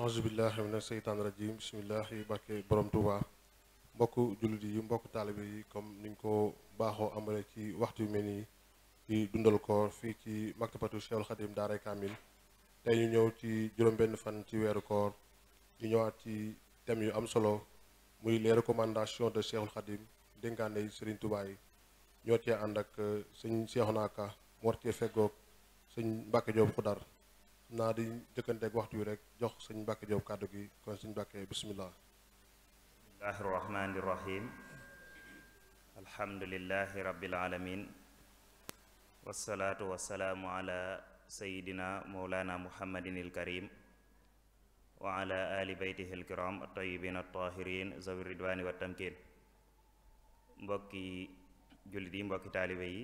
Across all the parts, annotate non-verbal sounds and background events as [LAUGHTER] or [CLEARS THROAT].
aousubillahi mina seytaan rajim bisimillahi bàkke borom tuuba mbokku jullit yi mbokku taalibe yi comme niñ ko baaxoo amale ci waxtu yu mel nii ci dundal koor fii ci maktabatu Cheikhul Khadim daaray kaamil tey ñu ñëw ci juróom-benn fan ci weeru koor ñu ñëwaat ci thème yu am solo muy les commandation de Cheikhul Khadim dénkaane yi Serigne Touba yi ñoo cee ànd ak euh, sëñ Cheikhouna Ka mu war cee feggoog sëñ Mbàkke Joob Xudar xam naa di jëkkanteeg waxtu wi rek jox sëñ Mbàkke Jóob kàddu gi kon sëñ Mbàkke bismillah bismillahi rahmani rahim alhamdulillahi rabbil alamin wasalaatu ali beytihi alkiram altayibin altahirin zawi ridwani wa mbokki jullit yi mbokki taalibe yi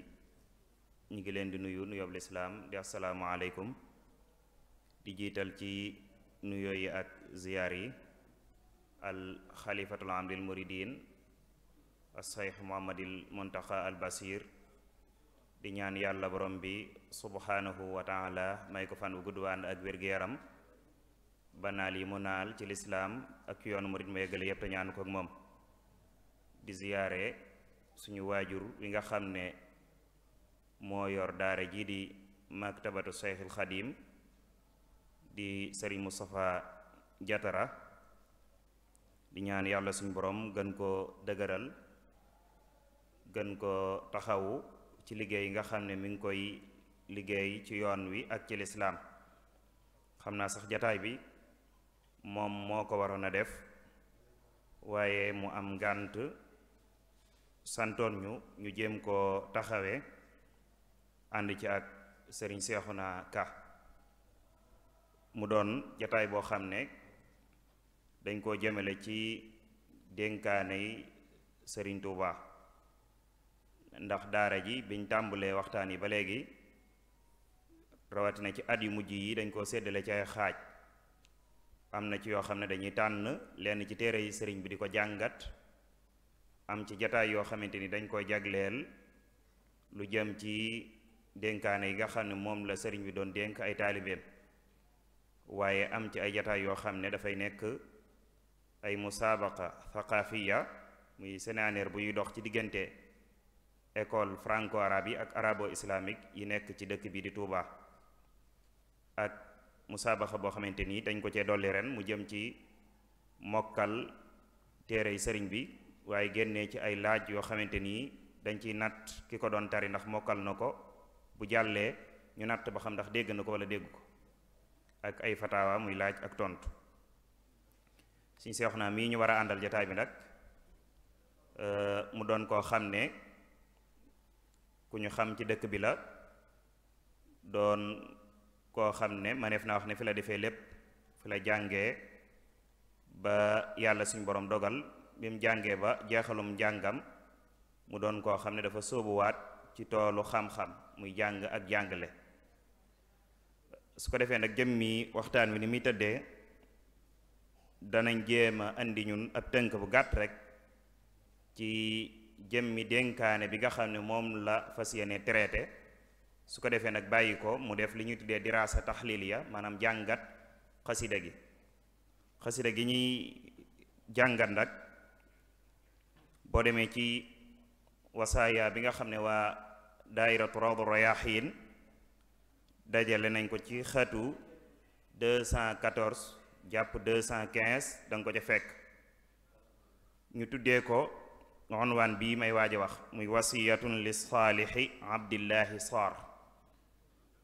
ñu ngi leen di nuyu nuyoob lislaam di assalaamu aleykum di jital ci nuyo yi ak ziyaar yi al Khalifatul amdil muridin shaykh muhammadil muntaha al basir di ñaan yalla borom bi subhanahu wa taala may ko fan wu gudd ànd ak wér yaram banali ci l'islam ak yoonu murid may gele yépp ñaan ko ak moom di Ziyare, suñu wajur wi nga xam ne yor daara ji di maktabatu shaykhul khadim di Serigne Moustapha jatara di ñaan yalla suñu borom gën ko dëgëral gën ko taxawu ci liggéey nga xam mi ngi koy liggéey ci yoon wi ak ci l'islam xamna sax jataay bi mom moko warona def waaye mu am gant santone ñu ñu jëm ko taxawé and ci ak Serigne Cheikhouna Ka mu doon jataay boo xam ne dañ koo jëmale ci dénkaane yi Sëriñ Tuuba ndax daara ji biñ tàmbalee waxtaan yi ba léegi rawatina ci at yu mujj yi dañ koo seddale ci ay xaaj am na ci yoo xam ne dañuy tànn lenn ci téere yi sëriñ bi di ko jàngat am ci jataay yoo xamante ni dañ koy jagleel lu jëm ci dénkaane yi nga xam ne moom la sëriñ bi doon dénk ay taalibeem waaye am ci ay jataay yoo xam ne dafay nekk ay musaabaqa thaqafiya muy séminaire bu ñuy dox ci diggante école franco arabe yi ak arabo islamique yi nekk ci dëkk bi di Touba ak musaabaqa boo xamante ni dañ ko cee dolli ren mu jëm ci mokkal téerey sëriñ bi waaye génnee ci ay laaj yoo xamante ni dañ ciy natt ki ko doon tari ndax mokkal na ko bu jàllee ñu natt ba xam ndax dégg na ko wala dégg ko ak ay fatawa muy laaj ak tontu suñ cheikhna mi ñu wara andal jotaay bi nak euh mu doon ko xamne ku ñu xam ci dekk bi la doon ko xamne manef na wax ne fi la defé lepp fi la jangé ba yalla suñ borom dogal bim jangé ba jéxalum jangam mu doon ko xamne dafa dafa sóobuwaat ci tolu xam-xam muy jang ak jangale su ko defee nag mi waxtaan wi ni muy tëddee danañ jéem a andi ñun ab tënk bu gàtt rek ci mi dénkaane bi nga xam ne moom la fas yéene traité su ko defee nag bàyyi ko mu def li ñuy tuddee diraasa taxliliya maanaam jàngat xasida gi xasida gi ñuy jàngat nag boo demee ci wasaaya bi nga xam ne waa dajale nañ ko ci xatu 214 japp 215 dang ko ca fekk ñu tuddé ko wan bi may waji wax muy wasiyatun lis salihi abdullah sar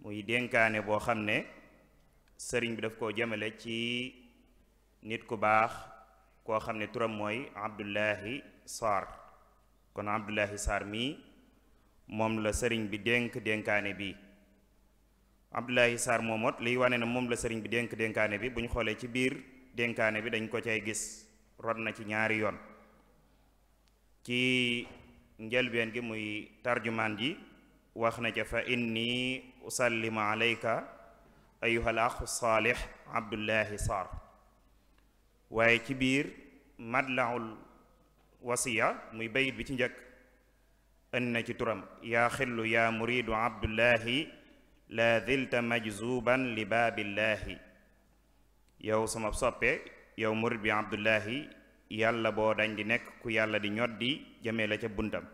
muy denkané bo xamné ne sëriñ bi daf ko jëmele ci nit ku baax ko xamné turam moy abdullahi sar kon abdullahi sar mi mom la sëriñ bi denk denkané bi Abdoulaye Sarr Momot liy wane na moom la sëriñ bi dénk dénkaane bi bu ñu xoolee ci biir dénkaane bi dañ ko cay gis rod na ci ñaari yoon ci njëlbeen gi muy tarjumaan ji wax na ca fa inni usallimu alayka ayuhal axu saalix Abdullahi waaye ci biir madlaul wasiya muy bayit bi ci njëkk indi na ci turam yaa xillu yaa muridu Abdullahi laa zilta majzuban li baabillaahi yow sama soppe yow murid bi abdullahi yàlla boo dañ di nekk ku yàlla di ñoddi jëme la ca buntam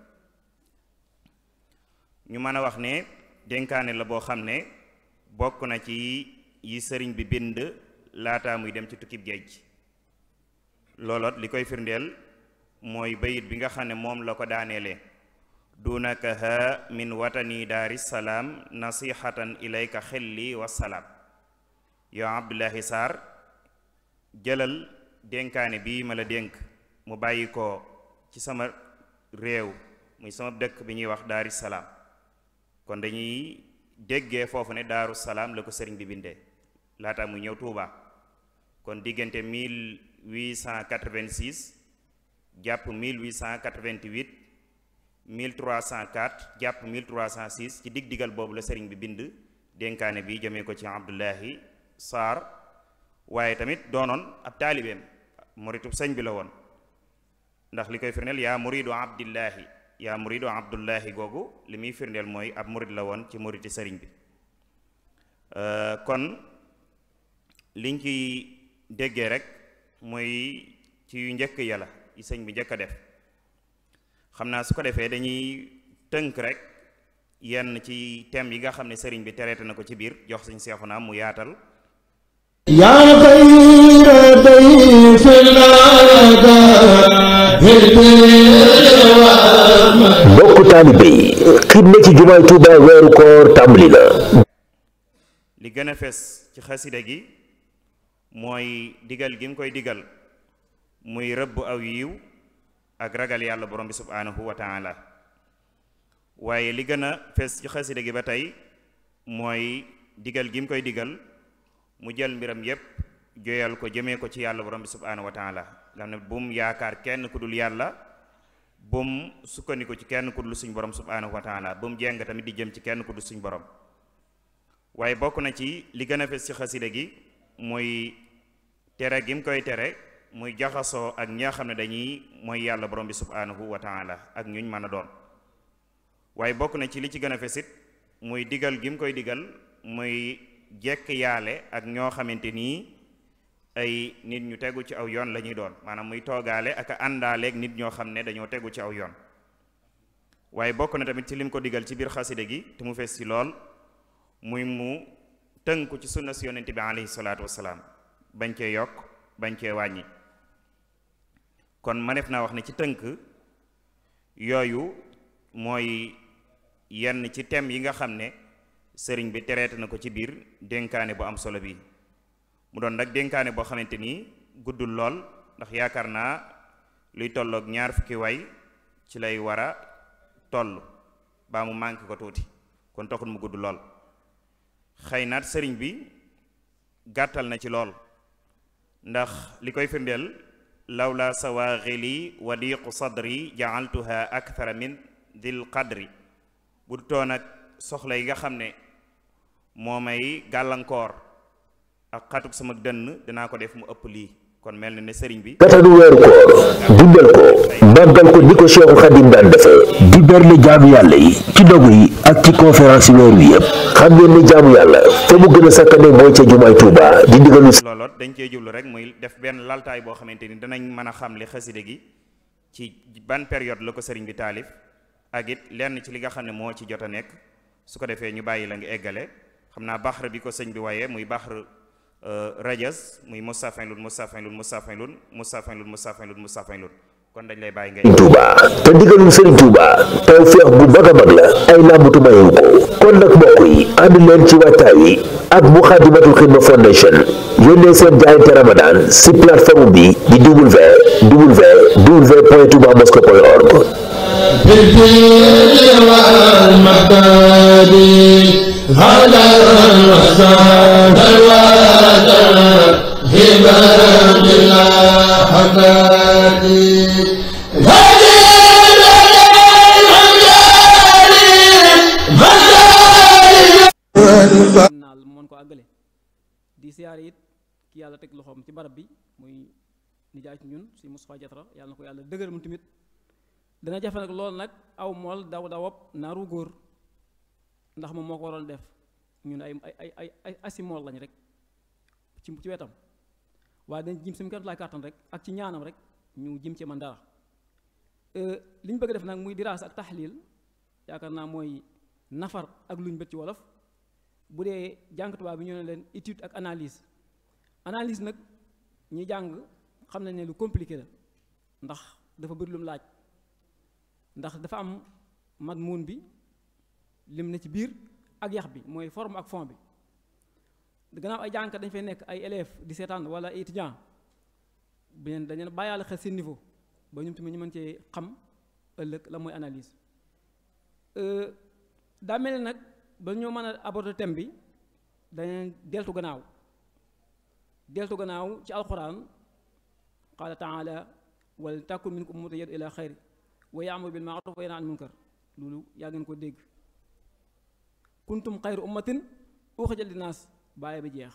ñu mën a wax ne dénkaane la boo xam ne bokk na ci yi sëriñ bi bind laata muy dem ci tukkib géej looloot li koy firndeel mooy bayit bi nga xam ne moom la ko daaneele dunakaha min watani salam nasihatan ilaika khalli wassalaam yow ya Abdullahi Sarr jëlal dénkaane bii ma la mu bayiko ci sama rew muy sama dekk bi ñuy wax daarissalaam kon dañuy déggee fofu ne daaru salaam la ko bi bindee lata mu ñew Touba kon diggante 1886 japp 1888 1304 jàpp 1306 ci dig-digal boobu la sëriñ bi bind dénkaane bi jëmee ko ci Abdullahi Saar waaye tamit doonoon ab taalibeem muritub sëñ bi la woon ndax li koy firndeel yaa muridu Abdullahi yaa muridu Abdullahi googu li muy firndeel mooy ab morid la woon ci muriti sëriñ bi euh, kon liñ ci déggee rek mooy ci yu njëkk yàlla yi sëñ bi njëkk a def xam naa su ko defee dañuy tënk rek yenn ci thème yi nga xam ne sëriñ bi tereete na ko ci biir jox suñ seexu naa mu yaatal yaa xayra day filaada mbokk taalibe yi xidma ci jumaay Tuubaa weeru koor tàmbali la li gën a fees ci xasida gi mooy digal gi mu koy digal muy rëbb aw yiw ak ragal yàlla borom bi subhaanahu wa taala waaye li gën a fees ci xasida gi ba tey mooy digal gi mu koy digal mu jël mbiram yépp joyal ko jëmee ko ci yàlla borom bi subhaanahu wa taala nga ne bum yaakaar kenn ku dul yàlla bum sukkandiku ci kenn ku suñ borom subhaanahu wa taala bum jeng tamit di jëm ci kenn ku dul suñ borom waaye bokk na ci li gën fees ci xasida gi mooy tere gi mu koy tere muy jaxasoo ak ñaa xam ne dañuy mooy yàlla borom bi subhanahu wa taala ak ñuñ mën a doon waaye bokk na ci li ci gën a fesit muy digal gi mu koy digal muy jekk yaale ak ñoo xamante nii ay nit ñu tegu ci aw yoon la ñuy doon maanaam muy toogaale ak àndaaleeg nit ñoo xam ne dañoo tegu ci aw yoon waaye bokk na tamit ci lim ko digal ci biir xasida gi te mu fees ci lool muy mu tënku ci sunna si yonente bi alayhi salaatu wasalaam bañ cee yokk bañ cee wàññi kon def na wax ne ci tënk yooyu mooy yenn ci tem yi nga xam ne sëriñ bi tereet na ko ci biir dénkaane bu am solo bi mu doon nag dénkaane boo xamante ni guddul lool ndax yaakaar naa luy tolloog ñaar fukki way ci lay war a toll baa mu manqué ko tuuti kon taxul mu gudd lool xëy naat sëriñ bi gàttal na ci lool ndax li koy lawla sawaaxili wadiqu sadri jaaltuha akthara min dil qadri bu toon ak soxla yi nga xam ne moo may gàllankoor ak xatuk sama dënn dinaa ko def mu ëpp lii gatalu weeru koor dundal ko màggal ko ni ko cheikhu xadim daan defee di berle jaamu yàlla yi ci dogu yi ak ci conférence yi wi yëpp xam ngeen ne jaamu yàlla te mu gën a sakkane mooy ca jumaay di ndigalu looloot dañ cee jublu rek muy def benn laltaay boo xamante danañ mën xam li xaside gi ci ban période la ko bi taalif ak lenn ci li nga xam ne ci jot a su ko defee ñu bàyyi la nga eggale xam naa bi ko sëñ bi waaye muy baxar Eh, rajas muy mustafin lun mustafin lun mustafin lun mustafin lun mustafin lun mustafin lun kon dañ lay bàyyi ngay Touba te digal digalum Serigne Touba feex bu baga a la ay lambu làmbatu mayu ko kon nak mbokk yi ànd len ci wàccaay yi ak bu xaadimatul xidma foundation yónnee seen jaayante ramadan ci plateforme bi di w w w point touba mosque point org بالدين والمحتاج على الوحدان naal moon ko àggale di siyaare it ki bi si Moustapha Diatra yàlla na ko dana jafe nag lool nag aw mool daw dawab naaru góor ndax moom moo ko def ñun ay ay ay asi mool lañ rek ci ci waaye dañ jim suñu kéemtalaay kàttan rek ak ci ñaanam rek ñu jim ci man dara li ñu bëgg def nag muy diraas ak taxliil yaakaar naa mooy nafar ak luñ bët ci wolof bu dee jàng tubaab bi ñu ne leen étude ak analyse analyse nag ñi jàng xam nañ ne lu compliqué la ndax dafa bëri lum laaj ndax dafa am madmuun bi lim na ci biir ak yax bi mooy forme ak fond bi gannaaw ay jàngkat dañ fay nekk ay élève di seetaan wala étudiant bu leen dañu bàyyaale xel seen niveau ba ñum tamit ñu mën cee xam ëllëg la mooy analyse daa mel ne nag ba ñoo mën a aborder thème bi dañ deltu gannaaw deltu gannaaw ci alquran qala taala wal takun minkum ummatun yad'u ila khair wa ya'muru bil ma'ruf wa yanha 'anil munkar loolu ya ngeen ko dégg kuntum xayru ummatin uxrijat linnaas baaye bi jeex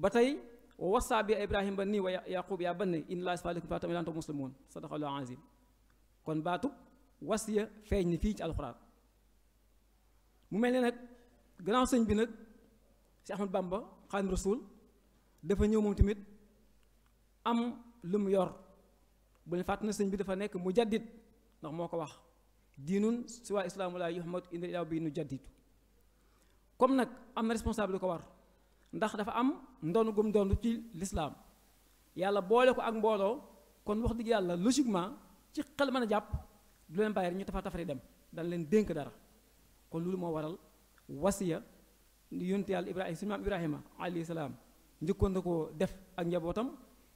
ba tey wa wasaa bi ibrahima banii wa yaqub yaa banii inna laaha stafaa lakum fala tamuutunna illa wa antum muslimuun sadaqa llaahu aziim kon baatub wasiya feeñ ni fii ci alxuraan mu mel ne nag gannaaw bi nag si Ahmad Bamba Xaadimu rasul dafa ñëw moom tamit am lu mu yor bu ne fàtt na sëñ bi dafa nekk mu jaddit ndax moo wax diinun siwaa islaamu laa yuhmad inna ilaa bi nu jadditu comme nak am responsable lu ko war ndax dafa am ndonu gum ndonu ci l'islam yàlla boole ko ak mbolo kon wax dig yàlla logiquement ci xel mana jàpp du len bàyyi ñu tafa tafari dem dañ len dénk dara kon lulu mo waral wasiya ni yonte yàlla ibrahim sunna ibrahim alayhi salam ndikon na def ak njabotam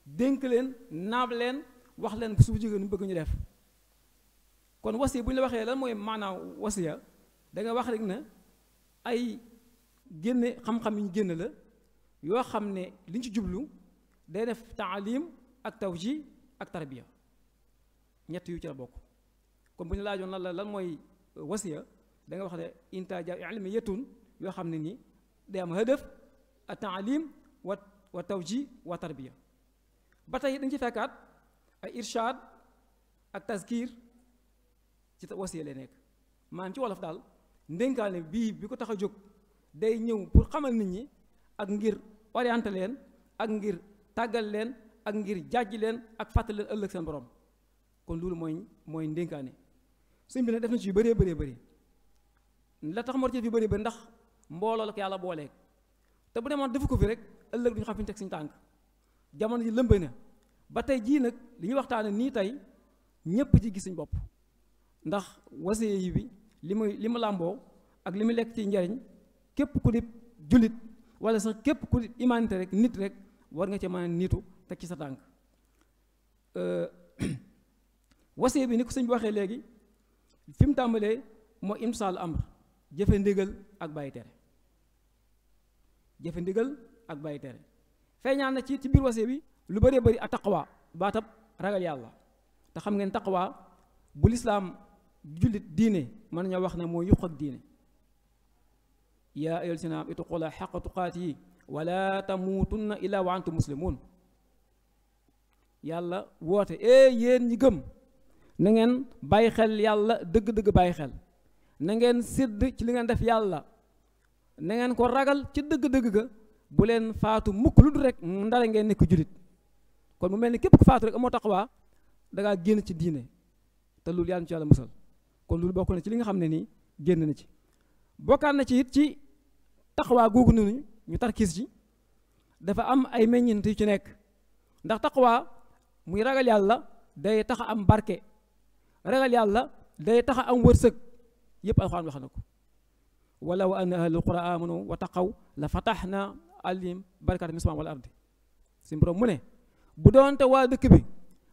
dénk len naab len wax len su jige nu bëgg ñu def kon wasiya buñ la waxe lan moy maanaam wasiya da nga wax rek na ay génne xam-xam yi ñu génn la yo xamné liñ ci djublu day def taalim ak tawji ak tarbiya ñett yu ci la bokk kon bu ñu laajoon la lan moy wasiya da nga wax ne ja ilmi yatun yo xamné ni day am hadaf at-ta'lim wa wa tawji wa tarbiya batay dañ ci fekkat ay irshad ak tazkir ci wasiya lay nek man ci wolof dal ndenkal bii bi ko tax jóg day ñëw pour xamal nit ñi ak ngir orienté leen ak ngir tàggal leen ak ngir jàjj leen ak fàttali ëllëg seen borom kon loolu mooy mooy ndénkaane sëñ bi nag def na ci yu bëree bëree bëri la tax moo ci yu bëree bëri ndax mbooloo la ko yàlla booleeg te bu demoon defu ko fi rek ëllëg duñu xam suñu tànk jamono ji lëmbe na ba tey jii nag li ñuy waxtaane nii tey ñépp ci gis bopp ndax wasiye yi bi li muy li mu làmboo ak li mu lekk ci njariñ képp ku jullit wala sax képp ku di rek nit rek war nga ca mën a niitu teg ci sa tànk euh, [CLEARS THROAT] wasee bi ni ko sëñ bi waxee léegi fi mu tàmbalee moo imsaal amr jëfe ndigal ak bàyyi tere jëfe ndigal ak bàyyi tere feeñaan na ci ci biir wasee bi lu bëree bari ak taqwa baatab ragal yàlla te xam ngeen taqwa bu lislaam jullit diine mën nañoo wax na mooy yuq ak diine yaa ayyuhal lazina aamanu yi haqqa tuqaatihi wa laa tamuutunna illaa wa antum muslimuun yàlla woote ee yéen ñi gëm na ngeen bàyyi xel yàlla dëgg-dëgg bàyyi xel na ngeen sédd ci li ngeen def yàlla na ngeen ko ragal ci dëgg-dëgg ga bu leen faatu mukk lu dul rek ndara ngeen nekk julit kon mu mel ni képp ku faatu rek amoo waa dangaa génn ci diine te loolu yàlla na ci yàlla musal kon loolu bokk na ci li nga xam ne nii génn na ci bokkaat na ci it ci taxawaa googu noonu ñu kiis ji dafa am ay meññeent yu ci nekk ndax taqwa muy ragal yàlla day tax am barke ragal yàlla day taxa am wërsëg yëpp alxuraan wax na ko walaw anna ahlul qura amanu wa taqaw la fataxna alim barakaat misman wala ardi si borom mu ne bu doonte waa dëkk bi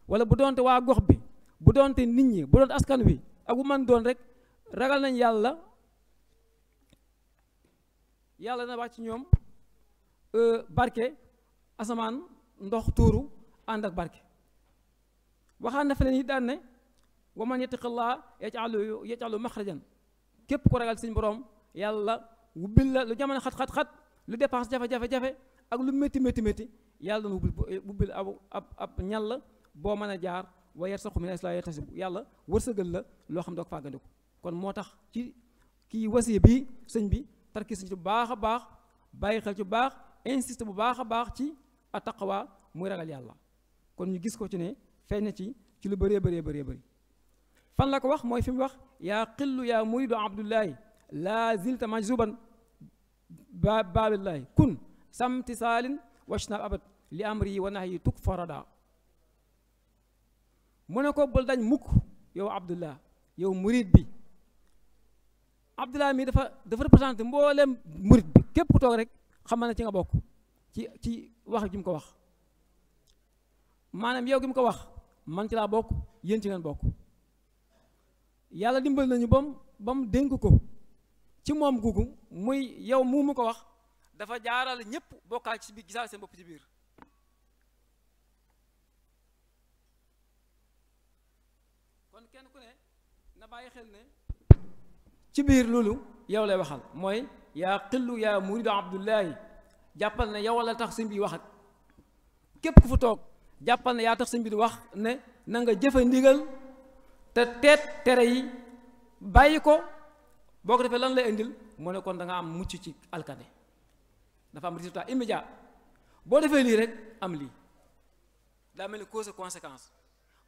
wala bu doonte waa gox bi bu doonte nit ñi bu doonte askan wi ak bu man doon rek ragal nañ yàlla yàlla na wàcc ñoom barke asamaan ndox tuuru ànd ak barke waxaan na feneen yi daan ne wa man yattaqillaa yaj'alu yaj'alu maxrajan képp ko ragal suñu borom yàlla wubbil la lu jamono xat-xat-xat lu dépense jafe-jafe-jafe ak lu métti métti métti yàlla doon wubbil wubbil ab ab ab ñàll boo mën a jaar wa yarsuqu min haysu laa yàlla wërsëgal la loo xam ne doo ko fàggandiku kon moo tax ci kii wasiya bi sëñ bi tarkis ci bu baax a baax bàyyi xel ci bu baax insiste bu baax a baax ci ataqwa muy ragal yàlla kon ñu gis ko ci ne feeñ na ci ci lu bëree bëree bëree bëri fan la ko wax moy fi mu wax ya qillu ya muridu abdullahi la zilta majzuban ba baabillaahi kun samti saalin washnaab abad li amri wa nahyi tukfarada farada ko bul dañ mukk yow abdullah yow murid bi Abdoulaye mii dafa dafa représenté mboolem murit bi képp ku toog rek xam na ci nga bokk ci ci wax ji mu ko wax maanaam yow gi mu ko wax man ci laa bokk yéen ci ngeen bokk yàlla dimbali nañu bam ba mu dénk ko ci moom googu muy yow mu mu ko wax dafa jaarale ñëpp bokkaal ci biir gisaal seen bopp ci biir kon kenn ku ne na bàyyi xel ne ci lulu ya yow lay waxal ya ya ya ya murid abdullahi jappal ne yow la tax sin bi wax kep ku fu tok jappal ne ya tax sin bi wax ne na nga jëfe ndigal te tet tere yi bayiko ko defe pelan le lan lay andil mu ne kon da nga am mucc ci alkane fa am résultat immédiat bo defe li rek am li da mel cause conséquence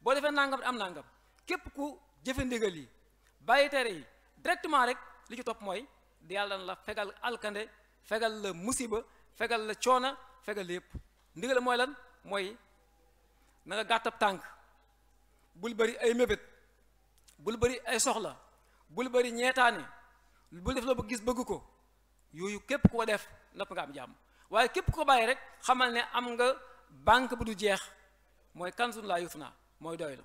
bo defe nangam am nangam kep ku jëfe ndigal yi bàyyi tere yi directement rek li ci topp mooy di yàlla na la fegal alkande fegal la musiba fegal la coona fegal la yépp ndigal mooy lan mooy na gàttab tànk bul bëri ay mébét bul bëri ay soxla bul bëri ñeetaane bul def la ba gis bëgg ko yooyu képp koo def nopp nga am jàmm waaye képp ko bàyyi rek xamal ne am nga banque bu du jeex mooy kansun laa yuf naa mooy doylu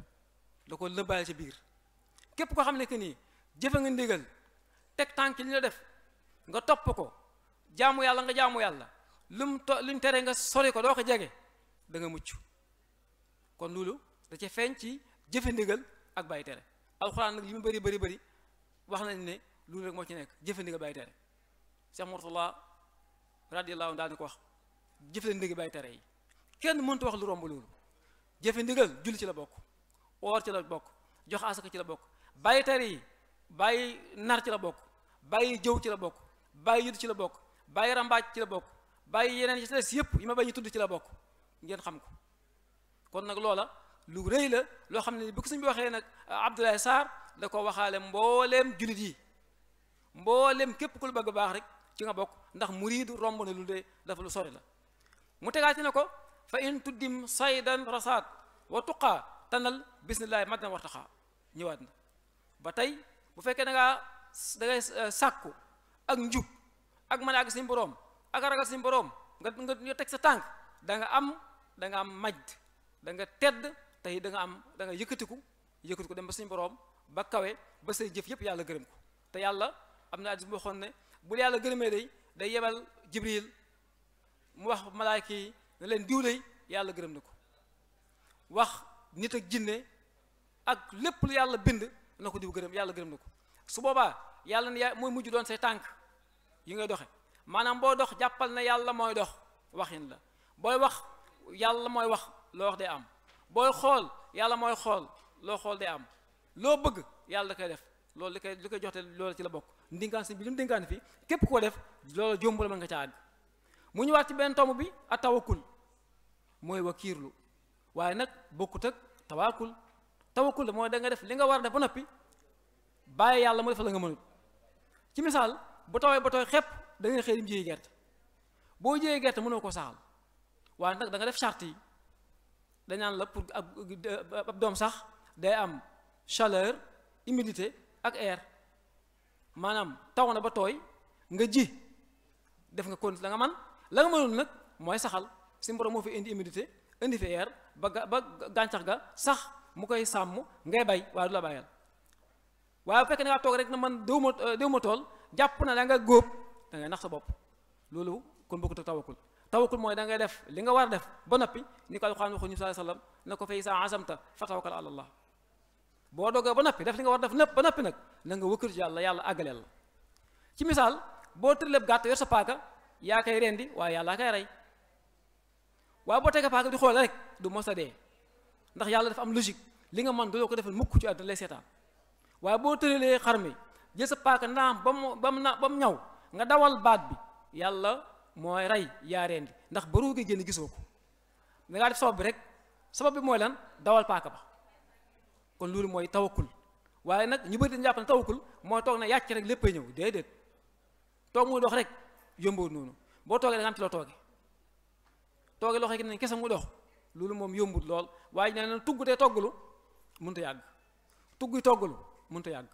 da ko lëbbaale ci biir képp ko xam ne que nii jëfe nga ndigal teg tànk li ñu def nga topp ko jaamu yàlla nga jaamu yàlla lum to luñ tere nga sori ko doo ko jege da nga mucc kon loolu da ca feeñ ci jëfe ndigal ak bàyyi tere alxuraan nag li mu bëri bari bari wax nañ ne loolu rek moo ci nekk jëfe ndigal bàyyi tere Cheikh Mourtala radiyallahu anhu daal di ko wax jëfe ndigal bàyyi tere yi kenn mënut wax lu romb loolu jëfe ndigal julli ci la bokk woor ci la bokk jox asaka ci la bokk bàyyi tere yi bàyyi nar ci la bokk bàyyi jëw ci la bokk bàyyi yudd ci la bokk bàyyi rambaaj ci la bokk bàyyi yeneen yi ci yëpp yi ma bàyyi tudd ci la bokk ngeen xam ko kon nag loola lu rëy la loo xam ne bi ko suñ bi waxee nag Abdoulaye Sarr da ko waxaale mbooleem jullit yi mbooleem képp ku lu bëgg baax rek ci nga bokk ndax mu muriid romb na lu dee dafa lu sori la mu tegaati ne ko fa in tuddim saydan rasaat wa tuqaa tanal bismillaahi madana wartaxaa ñëwaat na ba bu fekkee da ngaa da eh, ak njub ak mën a àgg suñu boroom ak ragal suñu boroom nga nga teg sa tànk danga am danga am majd danga tedd tey danga nga am da nga yëkkatiku ko dem ba suñu boroom ba kawe ba say jëf yëpp yàlla gërëm ko te yàlla am na addis bu waxoon ne bu yàlla gërëmee day day yebal jibril mu wax malaayka yi ne leen diw day yàlla gërëm na ko wax nit ak jinne ak lépp lu yàlla bind nako diw gërëm yàlla gërëm nako su boba yàlla ne moy muju don say tànk yi ngay doxe manam bo dox jàppal na yàlla moy dox waxin la boy wax yàlla moy wax lo wax day am boy xol yàlla moy xol lo xol day am lo bëgg yàlla kay def lolou likay likay li koy joxte loolu ci la bok ndinkaan ci bi li mu fi kep ko def lolou jomb la nga ca àgg mu wat ci ben tomu bi a tawakul mooy wakiirlu waaye nag bokkut ak tawaakul tawakkul mo da nga def li nga war def ba noppi bàyyi yàlla mu def la nga mënut ci misal bu tawee ba tooy xepp da nga xëy dem gert bo gert mëno ko saxal wa nak da nga def charte da ñaan la pour ab dom sax day am chaleur humidité ak air manam taw na ba toy nga ji def nga kont la nga man la nga mënul nak moy saxal sim borom mo fi indi humidité indi fi air ba ba ga sax mu koy sàmm ngay bay wa dula bayal wa waaye bu fekkee da rek eh, na man dewmo dewmo tol japp na da nga góob da nga nax sa bop lolu kon bokku tawakkul tawakkul moy da nga def li nga war def ba nopi ni ko alquran waxu ñu sallallahu alayhi wasallam na azamta fa tawakkal ala allah bo doga ba nopi def li nga war def nepp ba nopi nak na nga wëkkër ci yàlla yalla agalel ci misal bo tërléb gàtt yor sa paka ya kay rendi wa yalla kay ray wa bo tege paka di xol rek du de ndax yàlla dafa am logique li nga man doo ko defee mukk ci àdduna lay seetaan waaye boo tëralee xar mi jël sa paaka naam ba mu ba mu na ba mu ñaw nga dawal baat bi yàlla mooy rey yaa reen di ndax ba gi génn gisoo ko da ngaa def sabab bi rek sabab bi mooy lan dawal paaka ba kon loolu mooy tawakul waaye nag ñu bëri dañu jàpp ne tawakkul mooy toog na yàcc rek léppay ñëw déedéet toog muy dox rek yomboo noonu boo toogee da nga am ci loo toogee toogee loxo yi loolu moom yombut lool waaye nee na tugg te toggalu mënut a yàgg tugg toggalu mënut a yàgg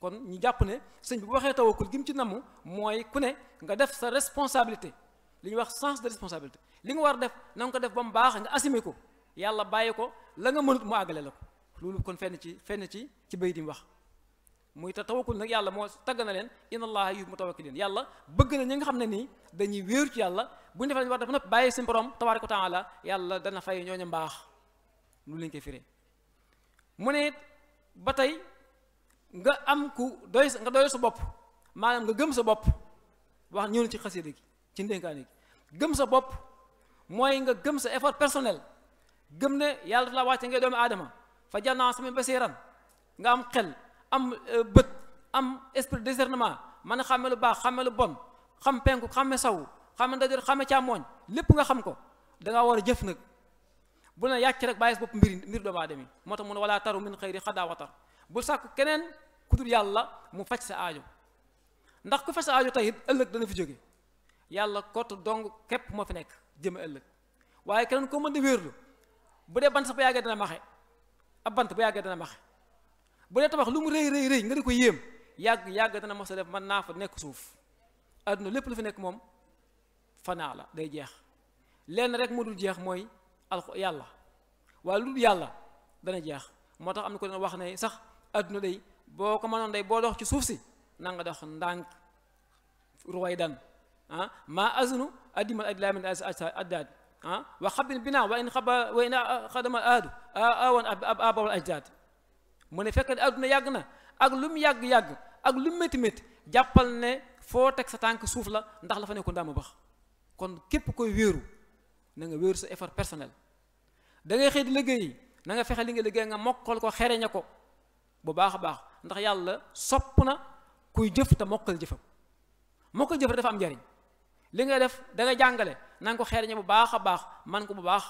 kon ñu jàpp ne sëñ bi bu waxee tawakkul gi mu ci namu mooy ku ne nga def sa responsabilité li ñuy wax chance de responsabilité li nga war def nanga ko def ba mu baax nga assumer ko yàlla bàyyi ko la nga mënut mu àggale la ko loolu kon fenn ci fenn ci ci bay di mu wax. muy te tawakkul nag yàlla moo tagg na leen inna allaha yuhibbu mutawakkilin yàlla bëgg na ñi nga xam ne nii dañuy wéeru ci yàlla bu ñu defee lañu war def ba noppi bàyyi seen borom tabaaraka wa taala yàlla dana fay ñooñu mbaax lu lañ koy firee mu ne ba tey nga am ku doy sa nga doy sa bopp maanaam nga gëm sa bopp wax ñëw na ci xasida gi ci ndénkaane gi gëm sa bopp mooy nga gëm sa effort personnel gëm ne yàlla dafa la wàcce ngay doomi aadama fa jànnaa sama basiran nga am xel am euh, bët am esprit de man mën a xàmme lu baax xàmme lu bon xam penku xàmme saw xàmme ndajoor xàmme càmmooñ lépp nga xam ko da ngaa war a jëf nag bu la yàcc rek bàyyi si bopp mbir mbir doomu aadama moo tax mun wala taru min xëyri xadaa watar bu sàkk keneen ku dul yàlla mu faj sa aajo ndax ku faj sa aajo tey it ëllëg dana fi jóge yàlla kott dong képp moo fi nekk jëm ëllëg waaye keneen koo mën di wéerlu bu dee bant sax bu yàggee dana maxe ab bant bu yàggee dana maxe bu dee tabax lu mu reey reey reey nga di ko yéem yàgg yàgg dana mos a def man naa fa nekk suuf adduna lépp lu fi nekk moom fanaa la day jeex lenn rek moo dul jeex mooy alxu yàlla waaye lu dul yàlla dana jeex moo tax am na ko dana wax ne sax adduna day boo ko mënoon day boo dox ci suuf si na nga dox ndànk ruway dan ah maa azunu addimal adilaa as addaad ah wa xabin bina wa in xaba wa in xadama aadu awan ab abawal ajdaad mu ne fekk aduna yàgg na ak lu mu yàgg yàgg ak lu métti métti jàppal ne foo teg sa tànk suuf la ndax la fa nekkoon daama bax kon képp koy wéeru na nga wéeru sa effort personnel da ngay xëy di liggéey na nga fexe nga liggéey nga mokkal ko xereña ko bu baax a baax ndax yàlla sopp kuy jëf te mokkal jëfam mokkal jëf dafa am njariñ li nga def da nga jàngale na ko xereña bu baax baax man ko bu baax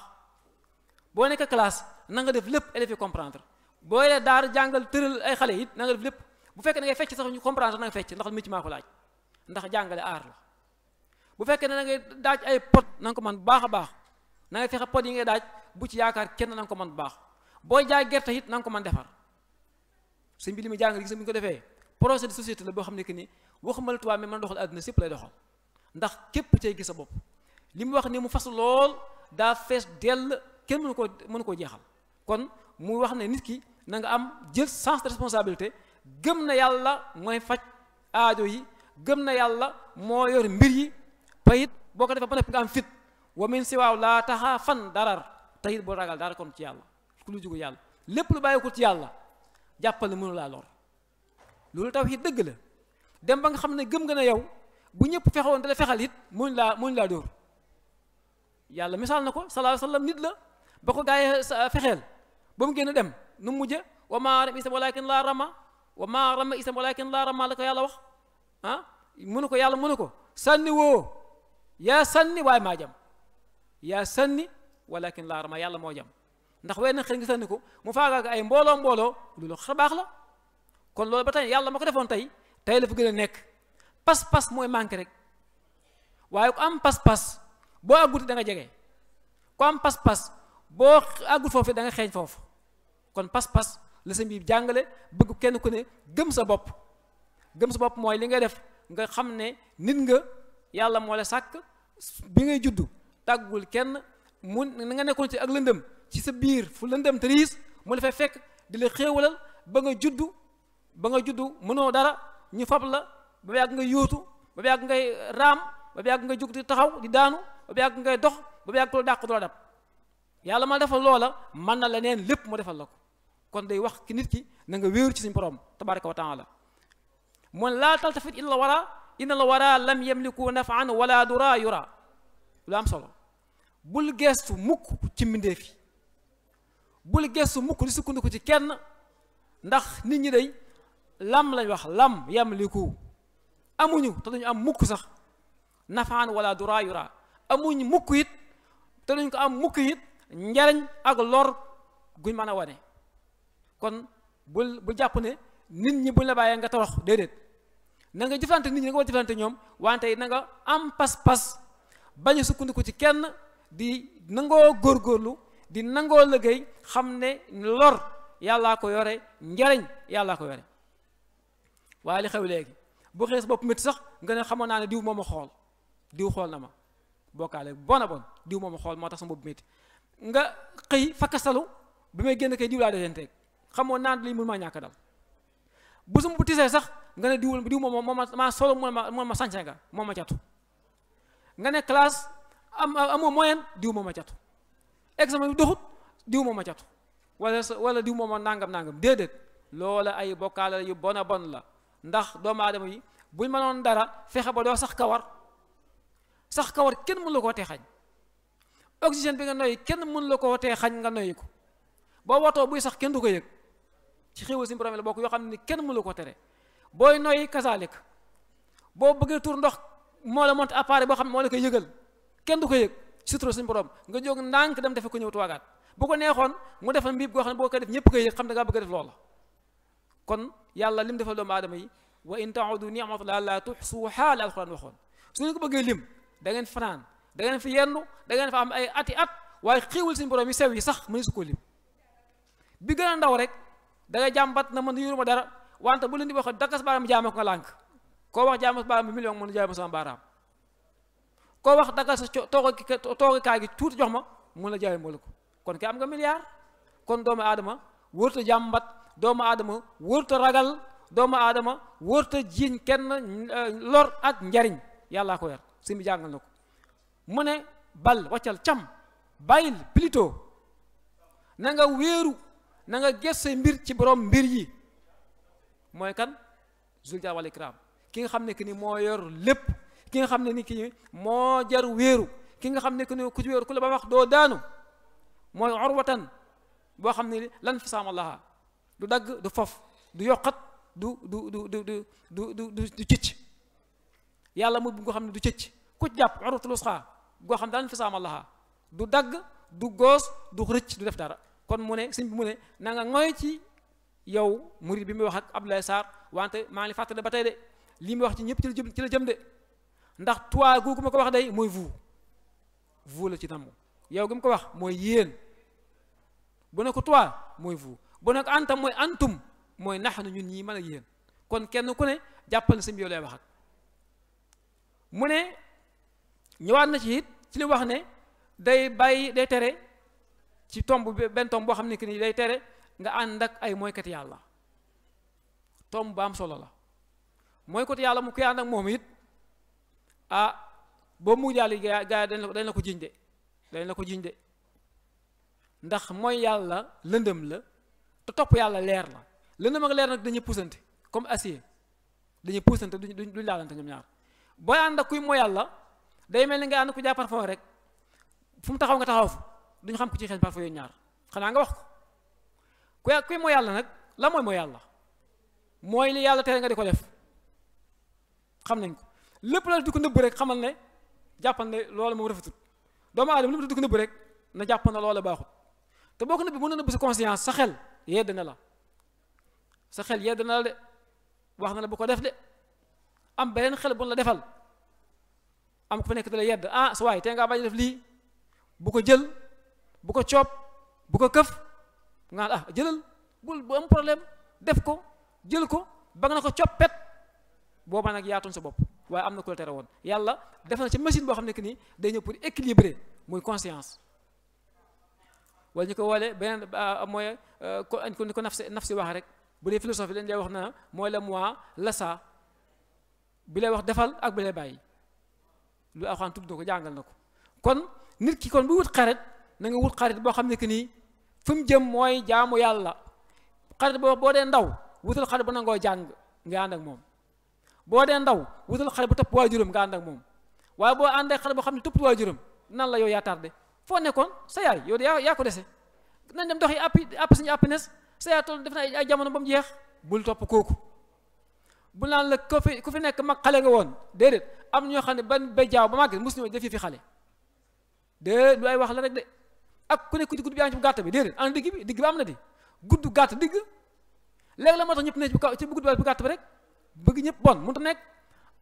boo nekk classe na nga def lépp élève comprendre boo yoree daara jàngal tëral ay xale it na nga def lépp bu fekkee ne ngay fecc sax ñu comprendre na nga fecc ndax métier maa ko laaj ndax jàngale aar la bu fekkee ne na ngay daaj ay pot na ko man bu baax a baax na ngay fexe pot yi ngay daaj bu ci yaakaar kenn na nga ko man bu baax boo jaay gerte it na ko man defar sëñ bi li muy jàngal gis bu ñu ko defee projet de société la boo xam ne que ni waxuma la tubaab mi mën doxal àdduna sépp lay doxal ndax képp cay gis sa bopp li mu wax ni mu fas lool daa fees dell kenn mënu koo mënu koo jeexal kon muy wax ne nit ki na nga am jël sens de responsabilité gëm na yàlla mooy faj aajo yi gëm na yàlla moo yor mbir yi payit boo ko defee ba nga am fit wa min si laa fan darar tayit boo ragal dara kon ci yàlla ku lu jugu yàlla lépp lu bàyyi ci yàlla jàppal mënu laa lor loolu taw it dëgg la dem ba nga xam ne gëm nga ne yow bu ñëpp fexewoon dala fexal it muñ laa muñ laa dóor yàlla misaal na sallallahu nit la ba ko ba mu génn dem nu mu mujj wa maa ram isam walakin laa rama wa maa rama isam walakin laa rama la ko yàlla wax ah mënu ko yàlla mënu ko sànni woo yaa sànni waaye maa jam yaa sànni walakin laa rama yàlla moo jam ndax wenn xel nga sànni ko mu faagaag ay mbooloo mbooloo loolu xar baax la kon loolu ba tey yàlla ma ko defoon tey tey la fa gën a nekk pas-pas mooy manqué rek waaye ku am pas-pas boo àggut da nga jege ku am pas-pas boo àggut foofu da nga xeeñ foofu kon pas pas le bi jangale bëgg kenn ku ne gëm sa bop gëm sa bop moy li nga def nga xamne nit nga yalla mo la sak bi ngay juddu tagul kenn mu nga nekkon ci ak lëndëm ci sa bir fu lëndëm tris mu la fay fek di la xéewalal ba nga juddu ba nga juddu mëno dara ñu fab la ba yag nga yootu ba yag ngay ram ba yag nga juk di taxaw di daanu ba yag ngay dox ba yag ko dàq do dab yalla ma defal lola man na leneen lepp mu defal lako kon day wax ki nit ki na nga wéeru ci suñu borom tabaraka wa taala moom la taltafit illa wara inna la wara lam yamliku nafan wala dura yura lu am solo bul gestu mukk ci minde fi bul gestu mukk di sukkandiku ci kenn ndax nit ñi day lam lañ wax lam yamliku amuñu te duñu am mukk sax nafaan wala dura yura amuñ mukk it te duñ ko am mukk it njariñ ak lor guñ mëna wone kon bul bu jàpp ne nit ñi bu la bàyyee nga tawax déedéet na nga jëflante nit ñi nga war jëflante ñoom wante na nga am pas-pas bañ a sukkandiku ci kenn di nangoo góor góorlu di nangoo liggéey xam ne lor yàllaa ko yore njariñ yàllaa ko yore waaye li xew léegi bu xëy sa bopp métti sax nga ne xamoon naa ne diw moom mooma xool diw xool na ma bokkaale bon a bon diw moom a xool moo tax sama bopp métti nga xëy fakkasalu bi may génn kay diw laa desenteeg xamoon naan li mu ma ñàkk dal bu suma bu tisee sax nga ne diwul diw moom moom ma solo moom ma moom ma sànce nga moom ma catu nga ne classe am amoo moyen diw moom ma catu examen bi doxut diw moom ma catu wala wala diw moom nangam nangam déedéet loola ay bokkaale yu bon a bon la ndax doomu aadama yi buñ mënoon dara fexe ba doo sax kawar sax kawar kenn mënu la koo teexañ oxygène bi nga noyyi kenn mënu la koo teexañ nga noyyi ko boo watoo buy sax kenn du ko yëg ci xewu suñu borom la bokk yo xamni kenn mu lu ko tere boy noy kazalik bo bëgg tour ndox mo la monté appareil bo xamni mo la koy yëgal kenn du ko yëg ci sutura suñu borom nga jóg ndànk dem defe ko ñëw tuwaagaat bu ko neexon mu defal mbiib goo xam ne boo ko def ñëpp koy yëg xam nga bëgg def loola kon yàlla lim defal do aadama adamay wa in taudu ni'mat la la tuhsu tuhsuha al-quran waxon su ñu ko bëgge lim da ngeen fanan da ngeen fi yennu da ngeen fa am ay ati at waaye xewul suñu borom yi sew yi sax mënees ko lim bi gëna ndaw rek da ngay jàmbat na man yuruma dara wante bu leen di wax dakkas baaraam jaame ko nga lànk koo wax jaamu baaraam bi million mënu jaame sama baaraam koo wax dakkas toogi toogi tuut gi jox ma mun na jaay ma ko kon ki am nga milliard kon doomu aadama wërta jàmbat doomu aadama wërta ragal doomu aadama wërta jiiñ kenn eh, lor ak njariñ yàllaa ko yar si mi jàngal na ko mu ne bal waccal cam bàyyil plutôt na nga na nga gis say mbir ci borom mbir yi moy kan zul wal ikram ki nga xamne ki que ni moo yor lépp ki nga xamne ni ki mo jar wëru ki nga xamne ki ni ku ci wéeru ku la ba wax do daanu moy urwatan bo xamne lan fi saama laha du dag du fof du yokkat du du du du du du du du du ciic yàlla mo bu nga xamne du ciic ku jàpp urwatul usha go xam ne lan fi saama laha du dag du gos du rëcc du def dara kon mu ne sëñ bi mu ne na nga ngoy ci yow murid bi muy wax ak Abdoulaye Sarr wante maa ngi fàttali ba tey de lii muy wax ci ñëpp ci la jëm ci la jëm de ndax toi googu ma ko wax day mooy vous vous la ci namm yow gi mu ko wax mooy yéen bu ne ko toi mooy vous bu ne ko antam mooy antum mooy naxnu ñun ñii mën ak yéen kon kenn ku ne jàppal na sëñ bi yow lay wax ak mu ne ñëwaat na ci it ci li wax ne day bàyyi day tere ci tomb benn tomb boo xam ne que ni day tere nga ànd ak ay mooykat yàlla tomb ba am solo la mooykat yàlla mu koy ànd ak moom it ah boo mu yàlla gaa gaa dañ la ko jiñ de dañ la ko jiñ de ndax mooy yàlla lëndëm la te topp yàlla leer la lëndëm ak leer nag dañuy puusante comme acier dañuy puusante duñ duñ laalante ñoom ñaar booy ànd ak kuy mooy yàlla day mel ni nga ànd ku jàppar foofu rek fu mu taxaw nga taxaw fa duñ xam ku ci xeeñ parfois yooyu ñaar xanaa nga wax ko ku kuy mooy yàlla nag la mooy mooy yàlla mooy li yàlla tere nga di ko def xam nañ ko lépp la di ko nëbb rek xamal ne jàppal ne loola moom rafetul doomu aadama lépp la di ko nëbb rek na jàppal na loola baaxut te boo ko nëbbi mën na nëbb sa conscience sa xel yedd na la sa xel yedd na la de wax na la bu ko def de am beneen xel bu la defal am ko fa nekk da la yedd ah sa waay tey nga bañ def lii bu ko jël bu ko coob bu ko këf nga ah jëlal bul bu am problème def ko jël ko ba nga na ko pet boobaa nag yaatoon sa bopp waaye am na ku la tere woon yàlla defal na ci machine boo xam ne que ni day ñëw pour équilibrer muy conscience wala ko woolee beneen ah, mooy euh, ko ni ko naf si naf si wax rek bu dee philosophie dañ lay wax na mooy la moi la ça bi lay wax defal ak bi lay bàyyi lu axaan tudd na ko jàngal na ko kon nit ki kon bu wut xarit na nga wut xarit boo xam ne que nii fu mu jëm mooy jaamu yàlla xarit boo boo dee ndaw wutal xarit bu nangoo jàng nga ànd ak moom boo dee ndaw wutal xarit bu topp waajuram nga ànd ak moom waaye boo àndee xarit boo xam ne topp waajuram nan la yow yaa tardé foo nekkoon sa yaay yow de yaa yaa ko dese nan dem doxi api app suñu happiness sa yaay toll def na ay jamono ba mu jeex bul topp kooku bu naan la ku fi ku fi nekk mag xale nga woon déedéet am ñoo xam ne ban bejaaw ba màgg mus ñoo def fi xale de du ay wax la rek de ak ku ne ku ci gudd bi am ci gàtt bi déedéet en am na di gudd gàtt digg léegi la moo tax ñëpp ne ci kaw ci gudd gàtt bi rek bëgg ñëpp bon mënut a nekk